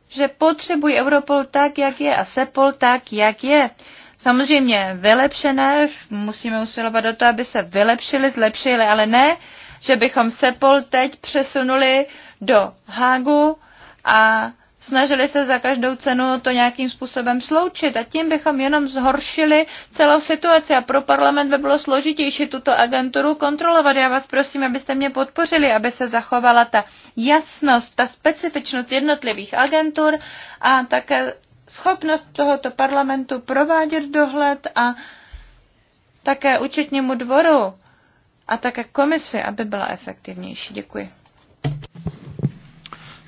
že potřebují Europol tak, jak je a Sepol tak, jak je samozřejmě vylepšené, musíme usilovat do toho, aby se vylepšili, zlepšili, ale ne, že bychom Sepol teď přesunuli do Hágu a snažili se za každou cenu to nějakým způsobem sloučit a tím bychom jenom zhoršili celou situaci a pro parlament by bylo složitější tuto agenturu kontrolovat. Já vás prosím, abyste mě podpořili, aby se zachovala ta jasnost, ta specifičnost jednotlivých agentur a také schopnost tohoto parlamentu provádět dohled a také účetnímu dvoru a také komisi, aby byla efektivnější. Děkuji.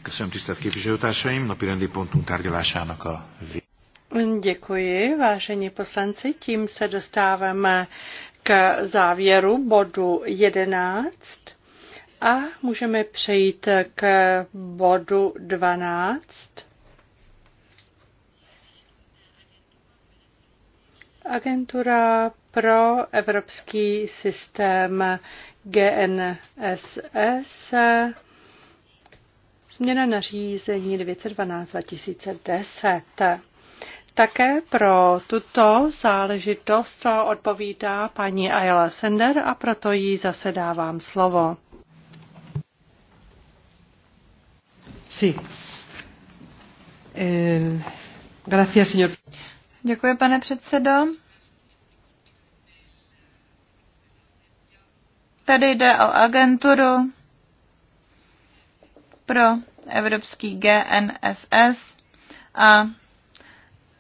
Köszönöm tisztelt képviselőtársaim, napirendi pontunk tárgyalásának a Děkuji, vážení poslanci. Tím se dostáváme k závěru bodu 11 a můžeme přejít k bodu 12 Agentura pro evropský systém GNSS změna nařízení 912 2010. Také pro tuto záležitost odpovídá paní Ayala Sender a proto jí zase dávám slovo. Sí. Eh, gracias, señor. Děkuji, pane předsedo. Tady jde o agenturu pro evropský GNSS a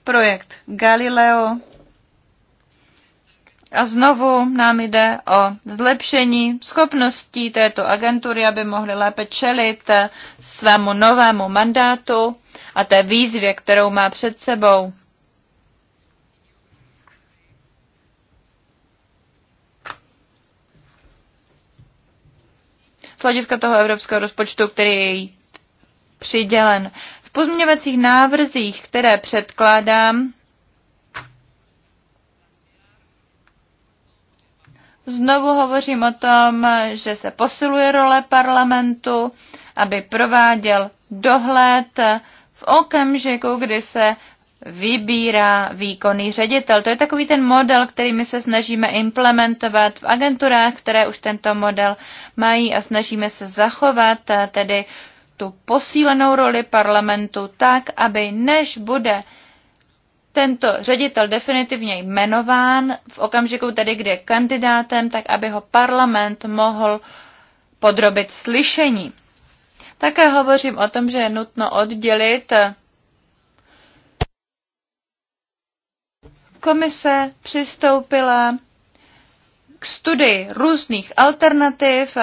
projekt Galileo. A znovu nám jde o zlepšení schopností této agentury, aby mohly lépe čelit svému novému mandátu a té výzvě, kterou má před sebou. hlediska toho evropského rozpočtu, který je jí přidělen. V pozměňovacích návrzích, které předkládám, Znovu hovořím o tom, že se posiluje role parlamentu, aby prováděl dohled v okamžiku, kdy se vybírá výkonný ředitel. To je takový ten model, který my se snažíme implementovat v agenturách, které už tento model mají a snažíme se zachovat eh, tedy tu posílenou roli parlamentu tak, aby než bude tento ředitel definitivně jmenován v okamžiku tedy, kdy je kandidátem, tak aby ho parlament mohl podrobit slyšení. Také hovořím o tom, že je nutno oddělit eh, komise přistoupila k studii různých alternativ,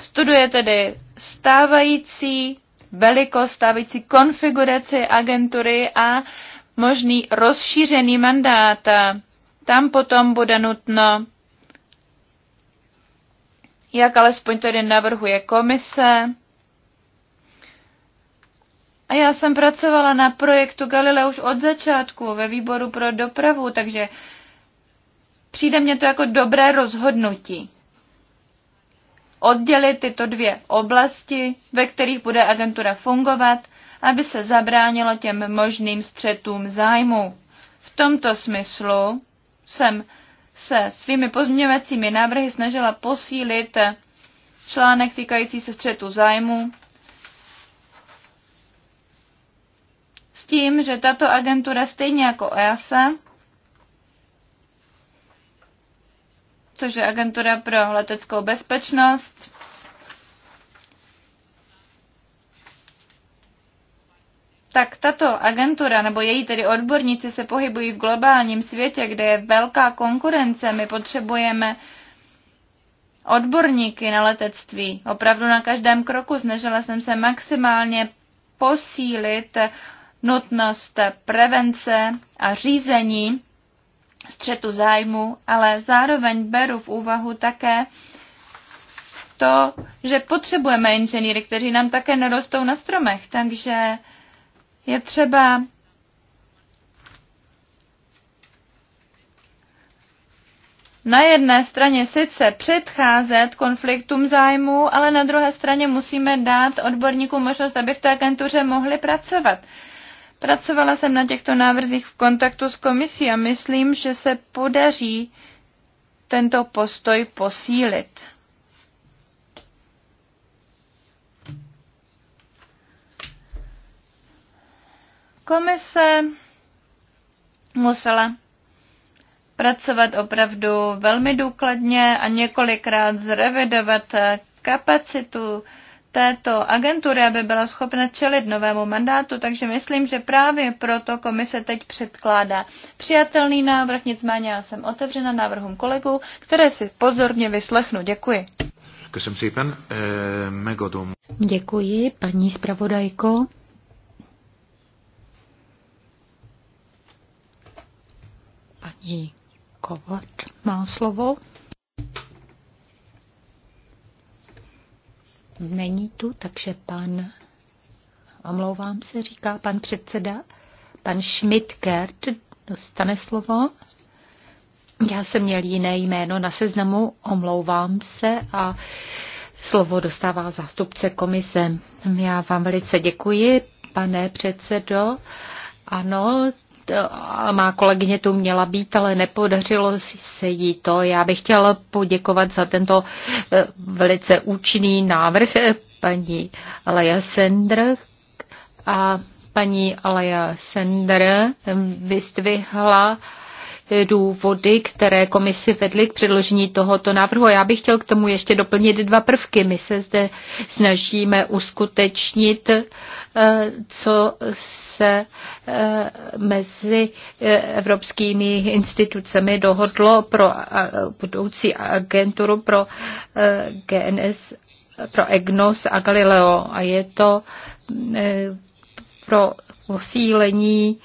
Studuje tedy stávající velikost, stávající konfiguraci agentury a možný rozšířený mandát. Tam potom bude nutno, jak alespoň tedy navrhuje komise, a já jsem pracovala na projektu Galileo už od začátku ve výboru pro dopravu, takže přijde mně to jako dobré rozhodnutí. Oddělit tyto dvě oblasti, ve kterých bude agentura fungovat, aby se zabránilo těm možným střetům zájmu. V tomto smyslu jsem se svými pozměňovacími návrhy snažila posílit článek týkající se střetu zájmu s tím, že tato agentura stejně jako EASA, což je agentura pro leteckou bezpečnost, tak tato agentura nebo její tedy odborníci se pohybují v globálním světě, kde je velká konkurence. My potřebujeme odborníky na letectví. Opravdu na každém kroku snažila jsem se maximálně posílit nutnost prevence a řízení střetu zájmu, ale zároveň beru v úvahu také to, že potřebujeme inženýry, kteří nám také nerostou na stromech, takže je třeba na jedné straně sice předcházet konfliktům zájmu, ale na druhé straně musíme dát odborníkům možnost, aby v té agentuře mohli pracovat. Pracovala jsem na těchto návrzích v kontaktu s komisí a myslím, že se podaří tento postoj posílit. Komise musela pracovat opravdu velmi důkladně a několikrát zrevidovat kapacitu této agentury, aby byla schopna čelit novému mandátu, takže myslím, že právě proto komise teď předkládá přijatelný návrh, nicméně já jsem otevřena návrhům kolegů, které si pozorně vyslechnu. Děkuji. Eh, Děkuji, paní zpravodajko. Paní Kovat má slovo. není tu, takže pan, omlouvám se, říká pan předseda, pan Schmidt-Kert dostane slovo. Já jsem měl jiné jméno na seznamu, omlouvám se a slovo dostává zástupce komise. Já vám velice děkuji, pane předsedo. Ano, má kolegyně tu měla být, ale nepodařilo se jí to. Já bych chtěla poděkovat za tento eh, velice účinný návrh eh, paní Aleja Sender a paní Aleja Sender eh, vystvihla důvody, které komisi vedly k předložení tohoto návrhu. já bych chtěl k tomu ještě doplnit dva prvky. My se zde snažíme uskutečnit, eh, co se eh, mezi eh, evropskými institucemi dohodlo pro budoucí agenturu pro GNS, pro EGNOS a Galileo. A je to pro posílení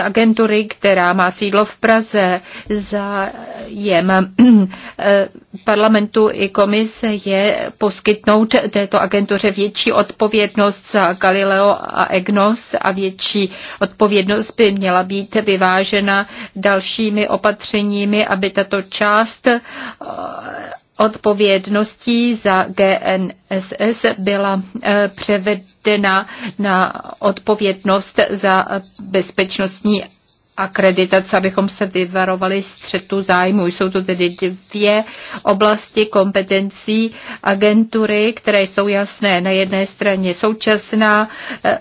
agentury, která má sídlo v Praze. Zájem eh, parlamentu i komise je poskytnout této agentuře větší odpovědnost za Galileo a EGNOS a větší odpovědnost by měla být vyvážena dalšími opatřeními, aby tato část eh, odpovědností za GNSS byla eh, převedena na, na odpovědnost za bezpečnostní akreditace, abychom se vyvarovali střetu zájmu. Jsou to tedy dvě oblasti kompetencí agentury, které jsou jasné. Na jedné straně současná eh,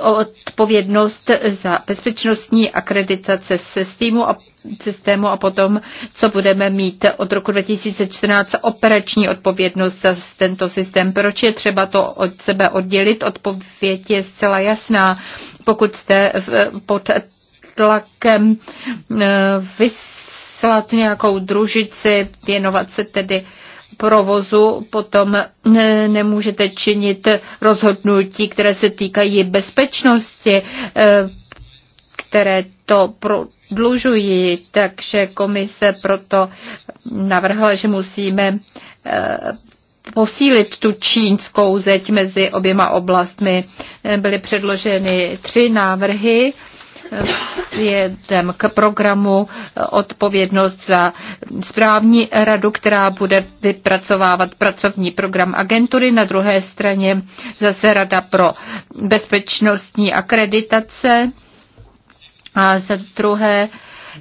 odpovědnost za bezpečnostní akreditace systému a systému a potom, co budeme mít od roku 2014 operační odpovědnost za tento systém. Proč je třeba to od sebe oddělit? Odpověď je zcela jasná. Pokud jste pod tlakem eh, vyslat nějakou družici, věnovat se tedy provozu, potom eh, nemůžete činit rozhodnutí, které se týkají bezpečnosti, eh, které to prodlužují, takže komise proto navrhla, že musíme posílit tu čínskou zeď mezi oběma oblastmi. Byly předloženy tři návrhy vzhledem k programu eh, odpovědnost za správní radu, která bude vypracovávat pracovní program agentury. Na druhé straně zase Rada pro bezpečnostní akreditace. A za druhé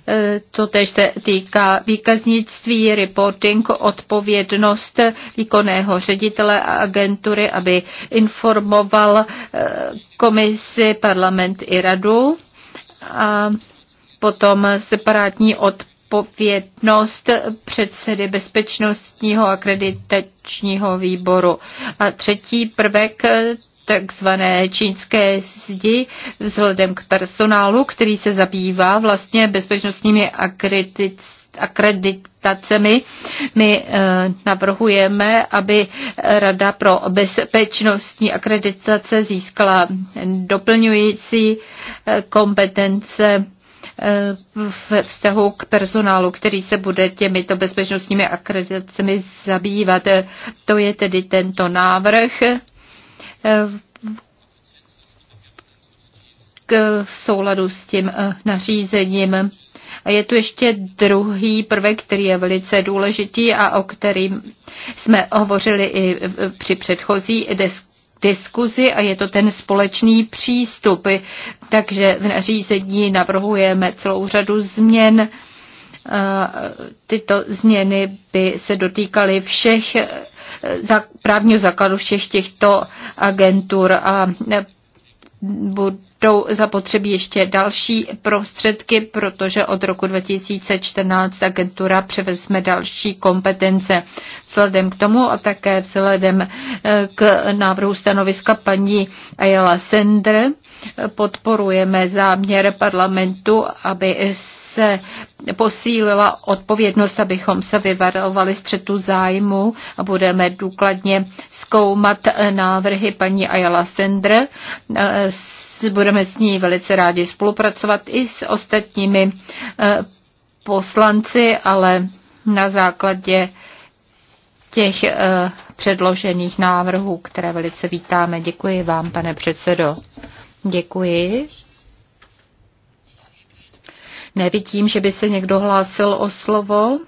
eh, to tež se týká výkaznictví, reporting, odpovědnost výkonného ředitele a agentury, aby informoval eh, komisi, parlament i radu a potom separátní odpovědnost předsedy bezpečnostního akreditačního výboru. A třetí prvek takzvané čínské zdi vzhledem k personálu, který se zabývá vlastně bezpečnostními akreditacemi akreditacemi. My eh, navrhujeme, aby Rada pro bezpečnostní akreditace získala doplňující eh, kompetence eh, ve vztahu k personálu, který se bude těmito bezpečnostními akreditacemi zabývat. To je tedy tento návrh v souladu s tím nařízením. A je tu ještě druhý prvek, který je velice důležitý a o kterým jsme hovořili i při předchozí diskuzi a je to ten společný přístup. Takže v nařízení navrhujeme celou řadu změn. Tyto změny by se dotýkaly všech e, právního základu všech těchto agentur a budou zapotřebí ještě další prostředky, protože od roku 2014 agentura převezme další kompetence. Vzhledem k tomu a také vzhledem eh, k návrhu stanoviska paní Ayala Sender Podporujeme záměr parlamentu, aby se posílila odpovědnost, abychom se vyvarovali střetu zájmu a budeme důkladně zkoumat návrhy paní Ayala Sender. Budeme s ní velice rádi spolupracovat i s ostatními eh, poslanci, ale na základě těch eh, předložených návrhů, které velice vítáme. Děkuji vám, pane předsedo. Děkuji. Nevidím, že by se někdo hlásil o slovo.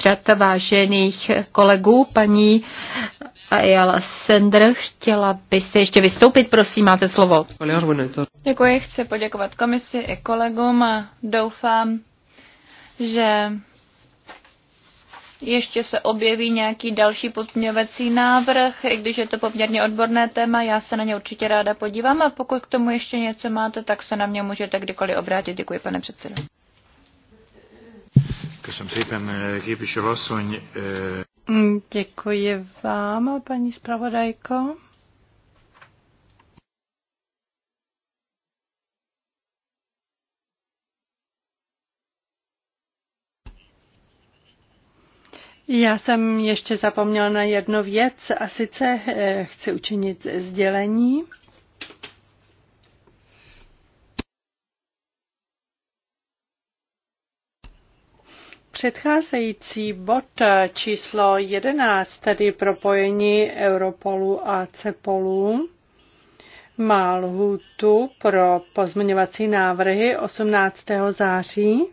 Z vážených kolegů, paní Ayala Sender, chtěla byste ještě vystoupit, prosím, máte slovo. Děkuji, chci poděkovat komisi i kolegům a doufám, že ještě se objeví nějaký další podměvací návrh, i když je to poměrně odborné téma, já se na ně určitě ráda podívám a pokud k tomu ještě něco máte, tak se na mě můžete kdykoliv obrátit. Děkuji, pane předsedo. Děkuji vám, paní zpravodajko. Já jsem ještě zapomněla na jednu věc a sice eh, chci učinit sdělení. Předcházející bod eh, číslo 11, tedy propojení Europolu a Cepolu, má lhůtu pro pozměňovací návrhy 18. září.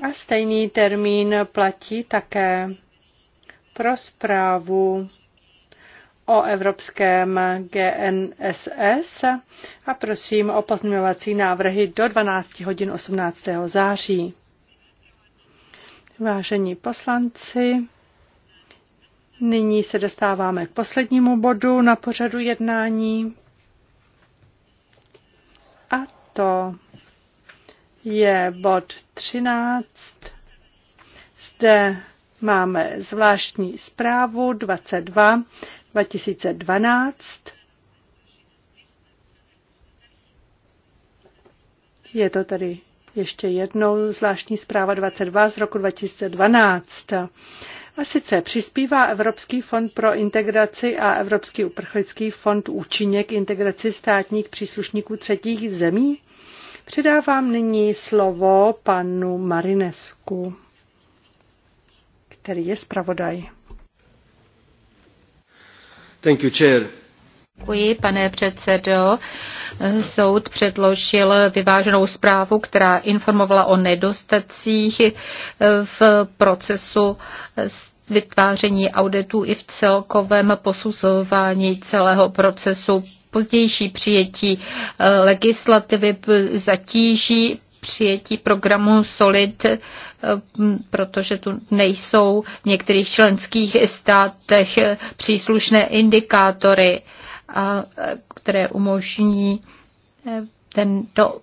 A stejný termín platí také pro zprávu o evropském GNSS a prosím o pozměňovací návrhy do 12 hodin 18. září. Vážení poslanci, nyní se dostáváme k poslednímu bodu na pořadu jednání a to je bod 13. Zde máme zvláštní zprávu 22 2012. Je to tady ještě jednou zvláštní zpráva 22 z roku 2012. A sice přispívá Evropský fond pro integraci a Evropský uprchlický fond účinně k integraci státních příslušníků třetích zemí? Předávám nyní slovo panu Marinesku, který je zpravodaj. Thank you, chair. Děkuji, pane předsedo. Soud předložil vyváženou zprávu, která informovala o nedostacích v procesu vytváření auditů i v celkovém posuzování celého procesu pozdější přijetí eh, legislativy zatíží přijetí programu SOLID, eh, protože tu nejsou v některých členských státech eh, příslušné indikátory, které umožní tento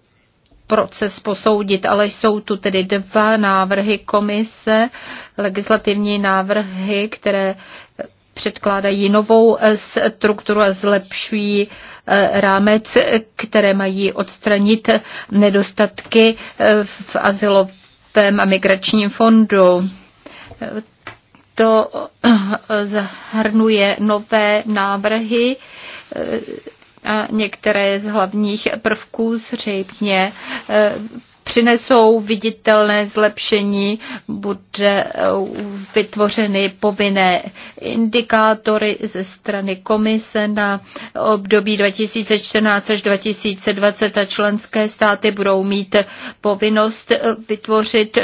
proces posoudit, ale jsou tu tedy dva návrhy komise, legislativní návrhy, které předkládají novou eh, strukturu a zlepšují eh, rámec, které mají odstranit nedostatky eh, v azylovém a migračním fondu. To zahrnuje nové návrhy a některé z hlavních prvků zřejmě přinesou viditelné zlepšení, bude eh, vytvořeny povinné indikátory ze strany komise na období 2014 až 2020 a členské státy budou mít povinnost eh, vytvořit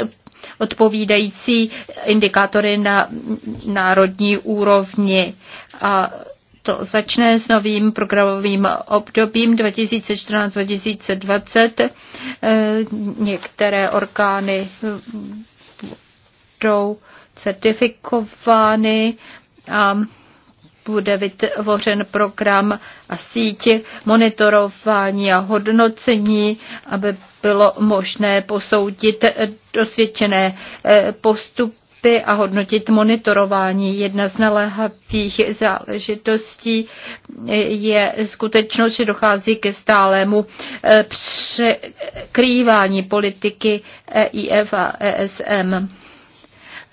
odpovídající indikátory na národní úrovni. A to začne s novým programovým obdobím 2014-2020. Eh, některé orgány budou certifikovány a bude vytvořen program a síť monitorování a hodnocení, aby bylo možné posoudit dosvědčené eh, postupy projekty a hodnotit monitorování. Jedna z naléhavých záležitostí je skutečnost, že dochází ke stálému eh, překrývání politiky EIF a ESM.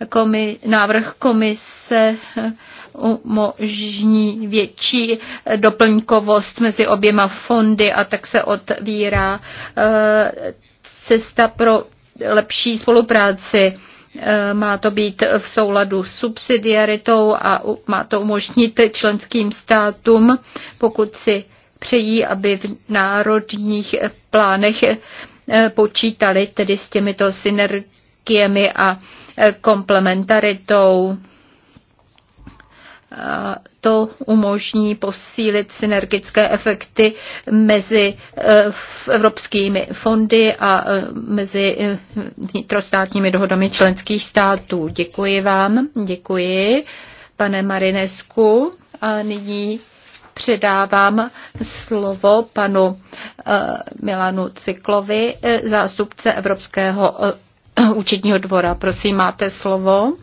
Komi, návrh komise eh, umožní větší eh, doplňkovost mezi oběma fondy a tak se otvírá cesta pro lepší spolupráci Eh, má to být v souladu s subsidiaritou a má to umožnit členským státům, pokud si přejí, aby v národních plánech eh, počítali tedy s těmito synergiemi a eh, komplementaritou to umožní posílit synergické efekty mezi eh, evropskými fondy a eh, mezi eh, vnitrostátními dohodami členských států. Děkuji vám, děkuji, pane Marinesku. A nyní předávám slovo panu Milanu Cyklovi, zástupce Evropského účetního dvora. Prosím, máte slovo.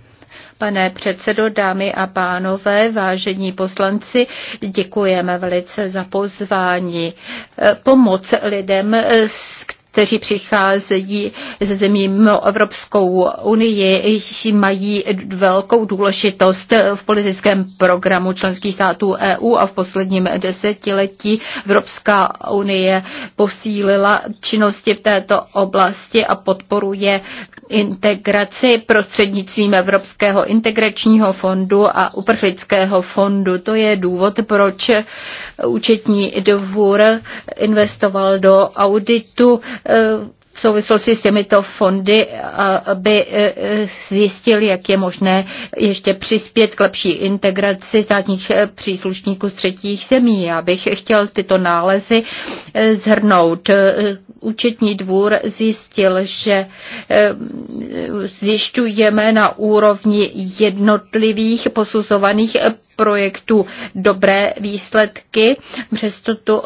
Pane předsedo, dámy a pánové, vážení poslanci, děkujeme velice za pozvání. E, pomoc lidem, s kteří přicházejí ze zemí mimo Evropskou unii, mají velkou důležitost v politickém programu členských států EU a v posledním desetiletí Evropská unie posílila činnosti v této oblasti a podporuje integraci prostřednictvím Evropského integračního fondu a uprchlického fondu. To je důvod, proč účetní dvůr investoval do auditu Eh, v souvislosti s těmito fondy, eh, aby eh, zjistil, jak je možné ještě přispět k lepší integraci státních příslušníků z třetích zemí. Já bych chtěl tyto nálezy zhrnout. Účetní dvůr zjistil, že zjišťujeme na úrovni jednotlivých posuzovaných projektů dobré výsledky, přesto tu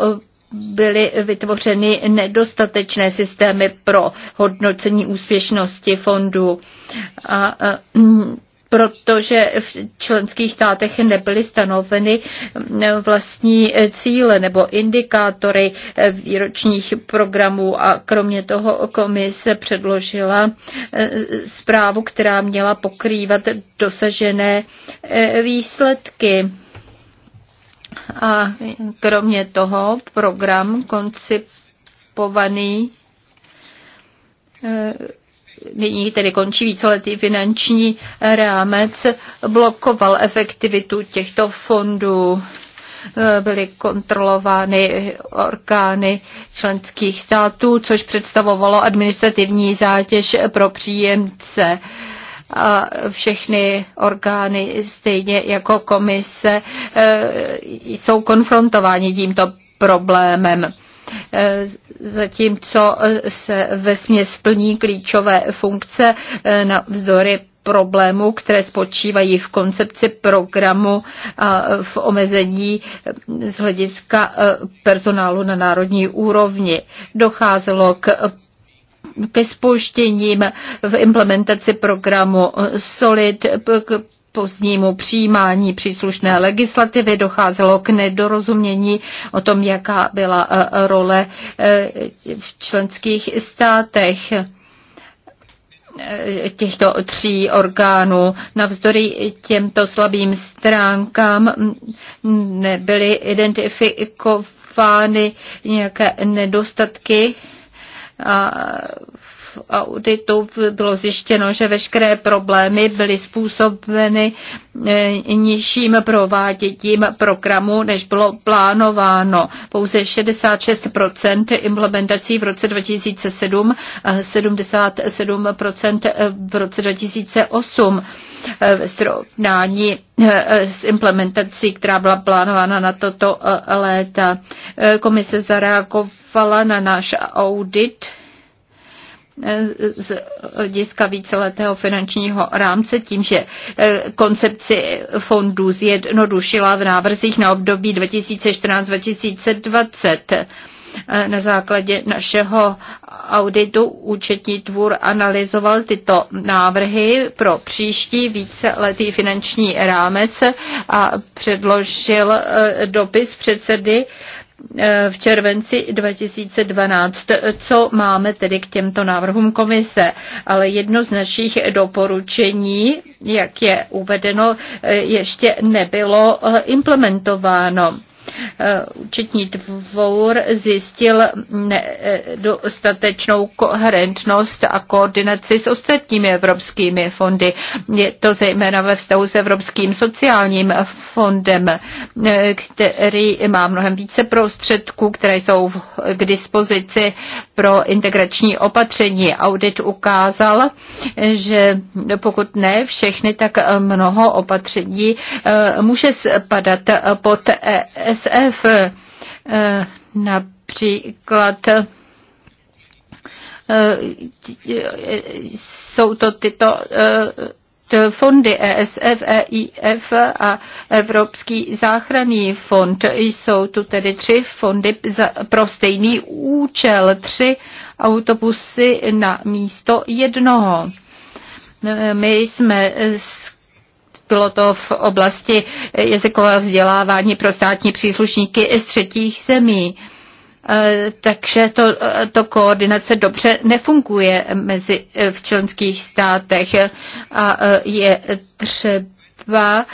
byly vytvořeny nedostatečné systémy pro hodnocení úspěšnosti fondu. A, mm, protože v členských státech nebyly stanoveny mm, vlastní cíle nebo indikátory eh, výročních programů a kromě toho komise předložila eh, zprávu, která měla pokrývat dosažené eh, výsledky. A kromě toho program koncipovaný eh, nyní tedy končí víceletý finanční rámec, blokoval efektivitu těchto fondů. Eh, byly kontrolovány orgány členských států, což představovalo administrativní zátěž pro příjemce a všechny orgány, stejně jako komise, e, jsou konfrontováni tímto problémem e, zatímco se ve směs splní klíčové funkce e, na vzdory problémů, které spočívají v koncepci programu a v omezení z hlediska personálu na národní úrovni. Docházelo k ke spuštěním v implementaci programu SOLID, k pozdnímu přijímání příslušné legislativy docházelo k nedorozumění o tom, jaká byla e, role e, v členských státech e, těchto tří orgánů. Navzdory těmto slabým stránkám nebyly identifikovány nějaké nedostatky a auditu bylo zjištěno, že veškeré problémy byly způsobeny eh, nižším prováděním programu, než bylo plánováno. Pouze 66% implementací v roce 2007 a 77% v roce 2008 eh, v srovnání eh, s implementací, která byla plánována na toto léta. Komise zareagovala na náš audit z hlediska víceletého finančního rámce tím, že eh, koncepci fondů zjednodušila v návrzích na období 2014-2020. Eh, na základě našeho auditu účetní dvůr analyzoval tyto návrhy pro příští víceletý finanční rámec a předložil eh, dopis předsedy Eh, v červenci 2012. Co máme tedy k těmto návrhům komise? Ale jedno z našich doporučení, jak je uvedeno, eh, ještě nebylo eh, implementováno. Eh, účetní dvůr zjistil dostatečnou koherentnost a koordinaci s ostatními evropskými fondy. Je to zejména ve vztahu s Evropským sociálním fondem, eh, který má mnohem více prostředků, které jsou k dispozici pro integrační opatření. Audit ukázal, že pokud ne všechny, tak mnoho opatření eh, může spadat pod ES ESF, eh, například eh, jsou to tyto eh, fondy ESF, EIF a Evropský záchranný fond. Jsou tu tedy tři fondy pro stejný účel, tři autobusy na místo jednoho. My jsme s bylo to v oblasti jazykového vzdělávání pro státní příslušníky z třetích zemí. E, takže to, e, to koordinace dobře nefunguje mezi, e, v členských státech a je třeba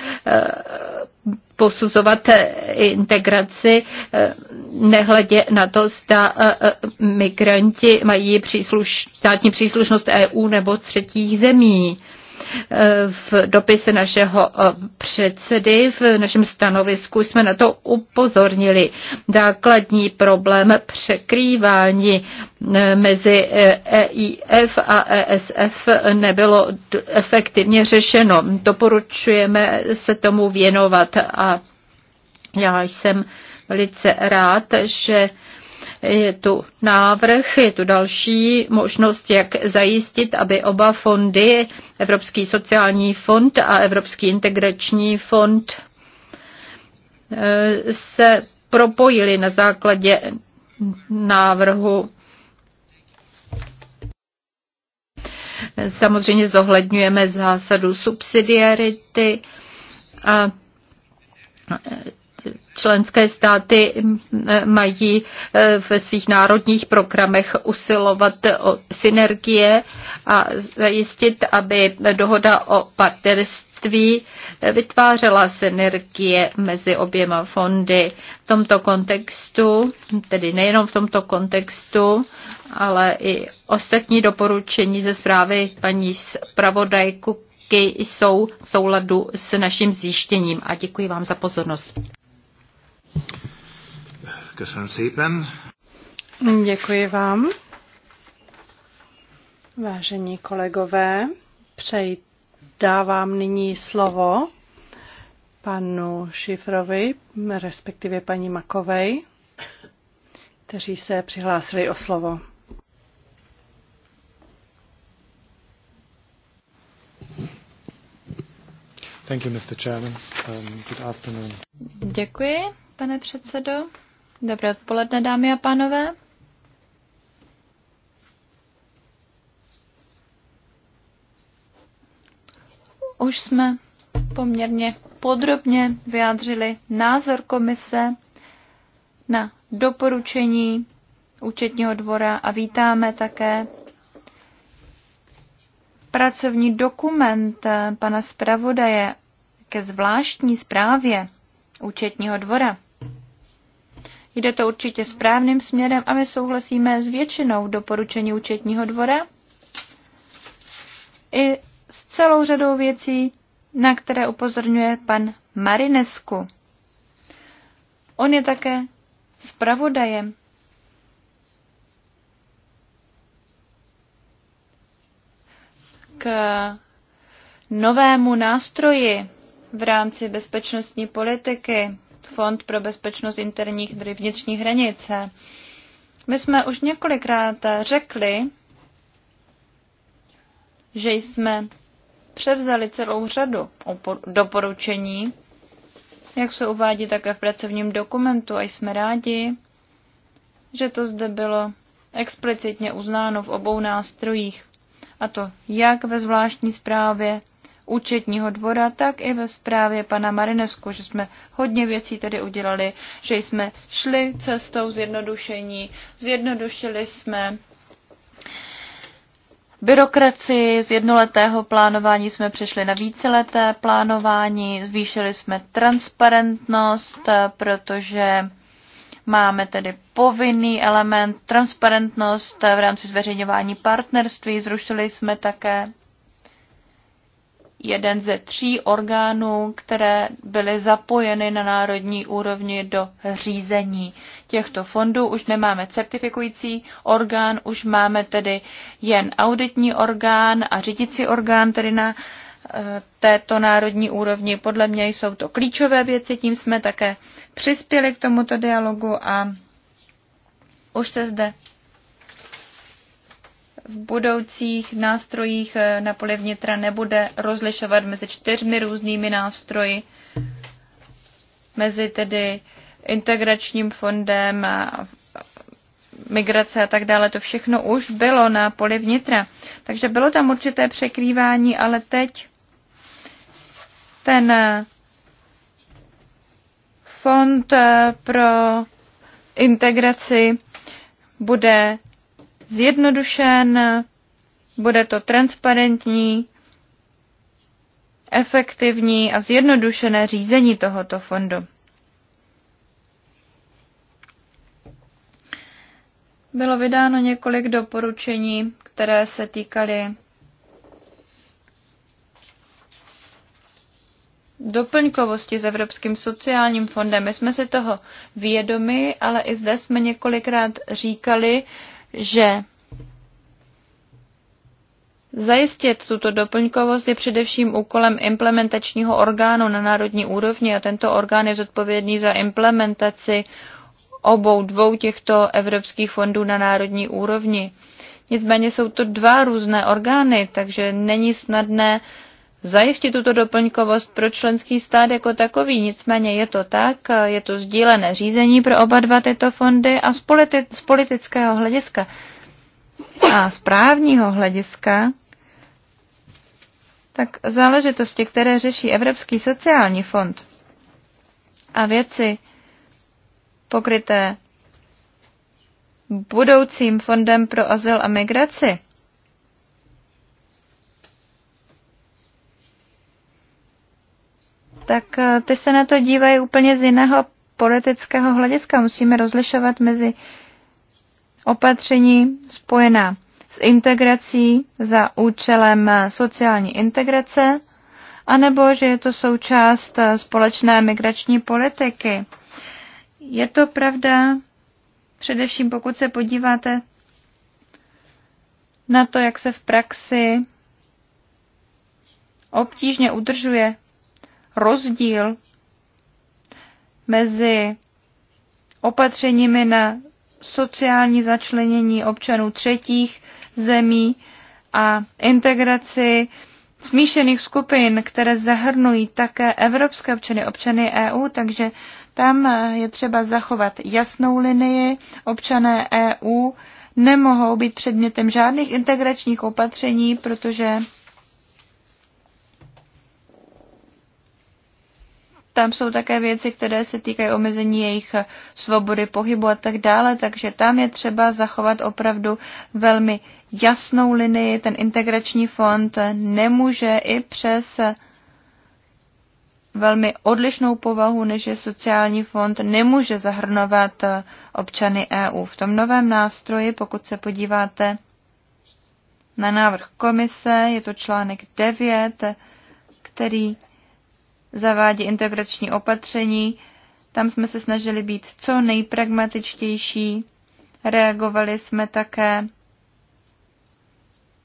posuzovat integraci, nehledě na to, zda migranti mají přísluš, státní příslušnost EU nebo třetích zemí. V dopise našeho eh, předsedy v našem stanovisku jsme na to upozornili. Dákladní problém překrývání eh, mezi EIF eh, e a ESF nebylo efektivně řešeno. Doporučujeme se tomu věnovat a já jsem velice rád, že je tu návrh, je tu další možnost, jak zajistit, aby oba fondy, Evropský sociální fond a Evropský integrační fond, eh, se propojili na základě návrhu Samozřejmě zohledňujeme zásadu subsidiarity a členské státy eh, mají eh, ve svých národních programech usilovat o synergie a zajistit, aby dohoda o partnerství vytvářela synergie mezi oběma fondy. V tomto kontextu, tedy nejenom v tomto kontextu, ale i ostatní doporučení ze zprávy paní zpravodajku jsou v souladu s naším zjištěním a děkuji vám za pozornost. Köszönöm szépen. Děkuji vám. Vážení kolegové, přeji dávám nyní slovo panu Šifrovi, respektive paní Makovej, kteří se přihlásili o slovo. Thank you, Mr. Chairman. Um, good afternoon. Děkuji pane předsedo. Dobré odpoledne, dámy a pánové. Už jsme poměrně podrobně vyjádřili názor komise na doporučení účetního dvora a vítáme také pracovní dokument pana zpravodaje ke zvláštní zprávě účetního dvora. Jde to určitě správným směrem a my souhlasíme s většinou doporučení účetního dvora i s celou řadou věcí, na které upozorňuje pan Marinesku. On je také zpravodajem. K novému nástroji v rámci bezpečnostní politiky, Fond pro bezpečnost interních, tedy vnitřní hranic. My jsme už několikrát řekli, že jsme převzali celou řadu doporučení, jak se uvádí také v pracovním dokumentu a jsme rádi, že to zde bylo explicitně uznáno v obou nástrojích, a to jak ve zvláštní zprávě, účetního dvora, tak i ve zprávě pana Marinesku, že jsme hodně věcí tedy udělali, že jsme šli cestou zjednodušení, zjednodušili jsme byrokracii, z jednoletého plánování jsme přešli na víceleté plánování, zvýšili jsme transparentnost, protože Máme tedy povinný element transparentnost v rámci zveřejňování partnerství. Zrušili jsme také jeden ze tří orgánů, které byly zapojeny na národní úrovni do řízení těchto fondů. Už nemáme certifikující orgán, už máme tedy jen auditní orgán a řídící orgán, tedy na eh, této národní úrovni. Podle mě jsou to klíčové věci, tím jsme také přispěli k tomuto dialogu a už se zde v budoucích nástrojích eh, na poli vnitra nebude rozlišovat mezi čtyřmi různými nástroji, mezi tedy integračním fondem a migrace a tak dále, to všechno už bylo na poli vnitra. Takže bylo tam určité překrývání, ale teď ten eh, fond eh, pro integraci bude zjednodušen, bude to transparentní, efektivní a zjednodušené řízení tohoto fondu. Bylo vydáno několik doporučení, které se týkaly doplňkovosti s Evropským sociálním fondem. My jsme si toho vědomi, ale i zde jsme několikrát říkali, že Zajistit tuto doplňkovost je především úkolem implementačního orgánu na národní úrovni a tento orgán je zodpovědný za implementaci obou dvou těchto evropských fondů na národní úrovni. Nicméně jsou to dva různé orgány, takže není snadné zajistit tuto doplňkovost pro členský stát jako takový. Nicméně je to tak, je to sdílené řízení pro oba dva tyto fondy a z, politi- z politického hlediska a z právního hlediska tak záležitosti, které řeší Evropský sociální fond a věci pokryté budoucím fondem pro azyl a migraci, tak eh, ty se na to dívají úplně z jiného politického hlediska. Musíme rozlišovat mezi opatření spojená s integrací za účelem eh, sociální integrace, anebo že je to součást eh, společné migrační politiky. Je to pravda, především pokud se podíváte na to, jak se v praxi obtížně udržuje rozdíl mezi opatřeními na sociální začlenění občanů třetích zemí a integraci smíšených skupin, které zahrnují také evropské občany, občany EU, takže tam eh, je třeba zachovat jasnou linii. Občané EU nemohou být předmětem žádných integračních opatření, protože tam jsou také věci, které se týkají omezení jejich svobody pohybu a tak dále, takže tam je třeba zachovat opravdu velmi jasnou linii. Ten integrační fond nemůže i přes velmi odlišnou povahu, než je sociální fond, nemůže zahrnovat občany EU. V tom novém nástroji, pokud se podíváte na návrh komise, je to článek 9, který zavádí integrační opatření. Tam jsme se snažili být co nejpragmatičtější. Reagovali jsme také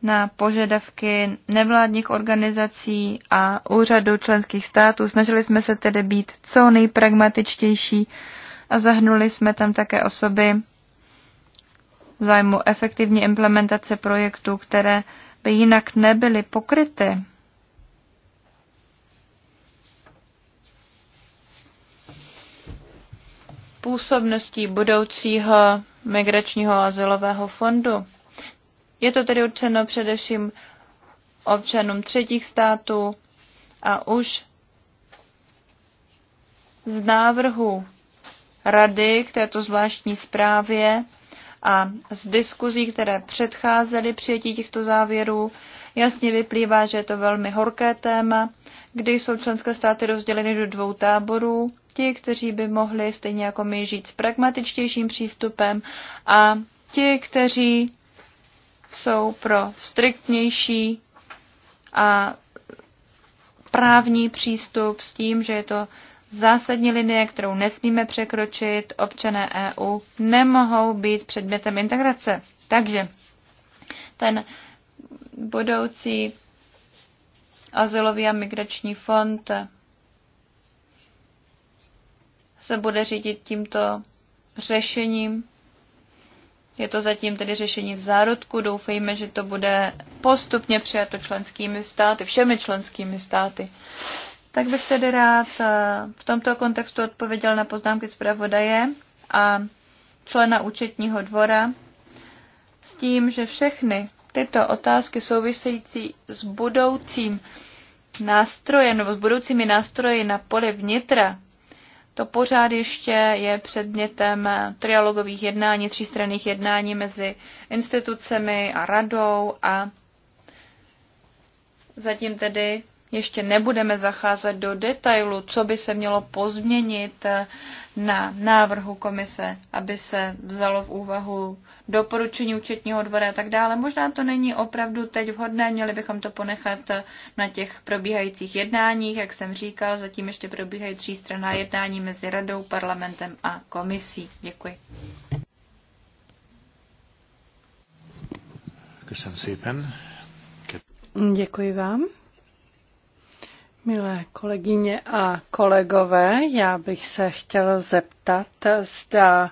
na požadavky nevládních organizací a úřadů členských států. Snažili jsme se tedy být co nejpragmatičtější a zahnuli jsme tam také osoby v zájmu efektivní implementace projektů, které by jinak nebyly pokryty působností budoucího migračního azylového fondu. Je to tedy určeno především občanům třetích států a už z návrhu rady k této zvláštní zprávě a z diskuzí, které předcházely přijetí těchto závěrů, jasně vyplývá, že je to velmi horké téma, kdy jsou členské státy rozděleny do dvou táborů ti, kteří by mohli stejně jako my žít s pragmatičtějším přístupem a ti, kteří jsou pro striktnější a právní přístup s tím, že je to zásadní linie, kterou nesmíme překročit, občané EU nemohou být předmětem integrace. Takže ten budoucí azylový a migrační fond se bude řídit tímto řešením. Je to zatím tedy řešení v zárodku. Doufejme, že to bude postupně přijato členskými státy, všemi členskými státy. Tak bych tedy rád eh, v tomto kontextu odpověděl na poznámky zpravodaje a člena účetního dvora s tím, že všechny tyto otázky související s budoucím nástrojem nebo s budoucími nástroji na poli vnitra to pořád ještě je předmětem trialogových jednání, třístranných jednání mezi institucemi a radou a zatím tedy ještě nebudeme zacházet do detailu, co by se mělo pozměnit eh, na návrhu komise, aby se vzalo v úvahu doporučení účetního dvora a tak dále. Možná to není opravdu teď vhodné, měli bychom to ponechat eh, na těch probíhajících jednáních, jak jsem říkal, zatím ještě probíhají třístranná jednání mezi radou, parlamentem a komisí. Děkuji. Děkuji vám. Milé kolegyně a kolegové, já bych se chtěl zeptat, zda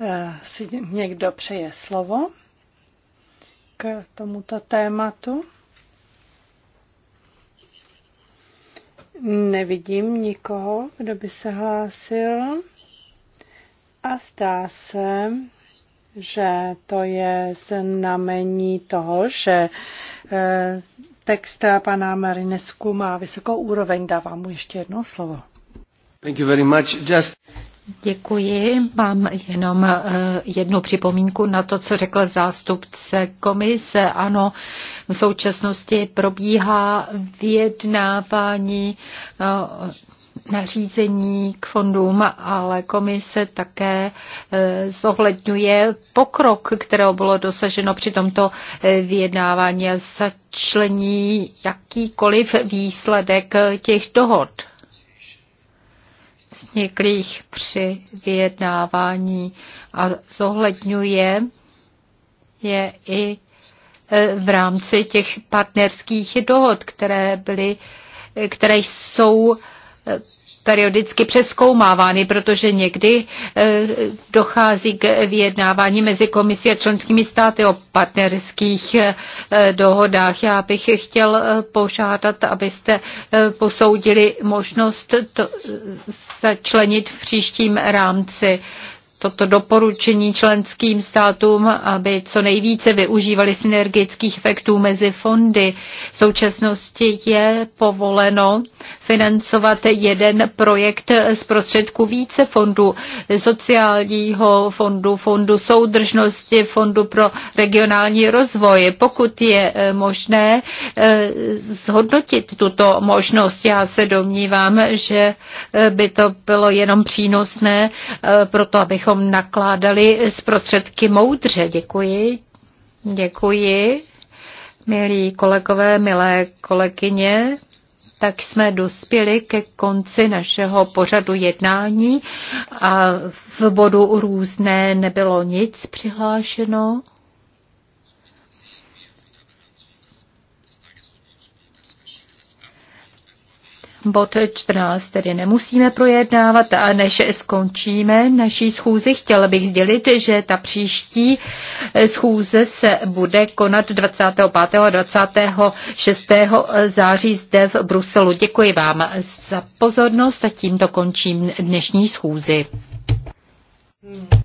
eh, si někdo přeje slovo k tomuto tématu. Nevidím nikoho, kdo by se hlásil. A zdá se, že to je znamení toho, že eh, Text pana Marinescu má vysokou úroveň, dávám mu ještě jedno slovo. Thank you very much. Just... Děkuji. Mám jenom eh, jednu připomínku na to, co řekl zástupce komise. Ano, v současnosti probíhá vyjednávání eh, nařízení k fondům, ale komise také eh, zohledňuje pokrok, kterého bylo dosaženo při tomto eh, vyjednávání a začlení jakýkoliv výsledek eh, těch dohod vzniklých při vyjednávání a zohledňuje je i v rámci těch partnerských dohod, které byly, které jsou periodicky přeskoumávány, protože někdy eh, dochází k vyjednávání mezi komisí a členskými státy o partnerských eh, dohodách. Já bych chtěl eh, požádat, abyste posoudili možnost to začlenit v příštím rámci toto doporučení členským státům, aby co nejvíce využívali synergických efektů mezi fondy. V současnosti je povoleno financovat jeden projekt z prostředků více fondů, sociálního fondu, fondu soudržnosti, fondu pro regionální rozvoj. Pokud je eh, možné eh, zhodnotit tuto možnost, já se domnívám, že eh, by to bylo jenom přínosné pro to, abychom abychom nakládali s prostředky moudře. Děkuji. Děkuji. Milí kolegové, milé kolegyně, tak jsme dospěli ke konci našeho pořadu jednání a v bodu různé nebylo nic přihlášeno. Bod 14 tedy nemusíme projednávat a než skončíme naší schůzi, chtěla bych sdělit, že ta příští schůze se bude konat 25. a 26. září zde v Bruselu. Děkuji vám za pozornost a tímto končím dnešní schůzi. Hmm.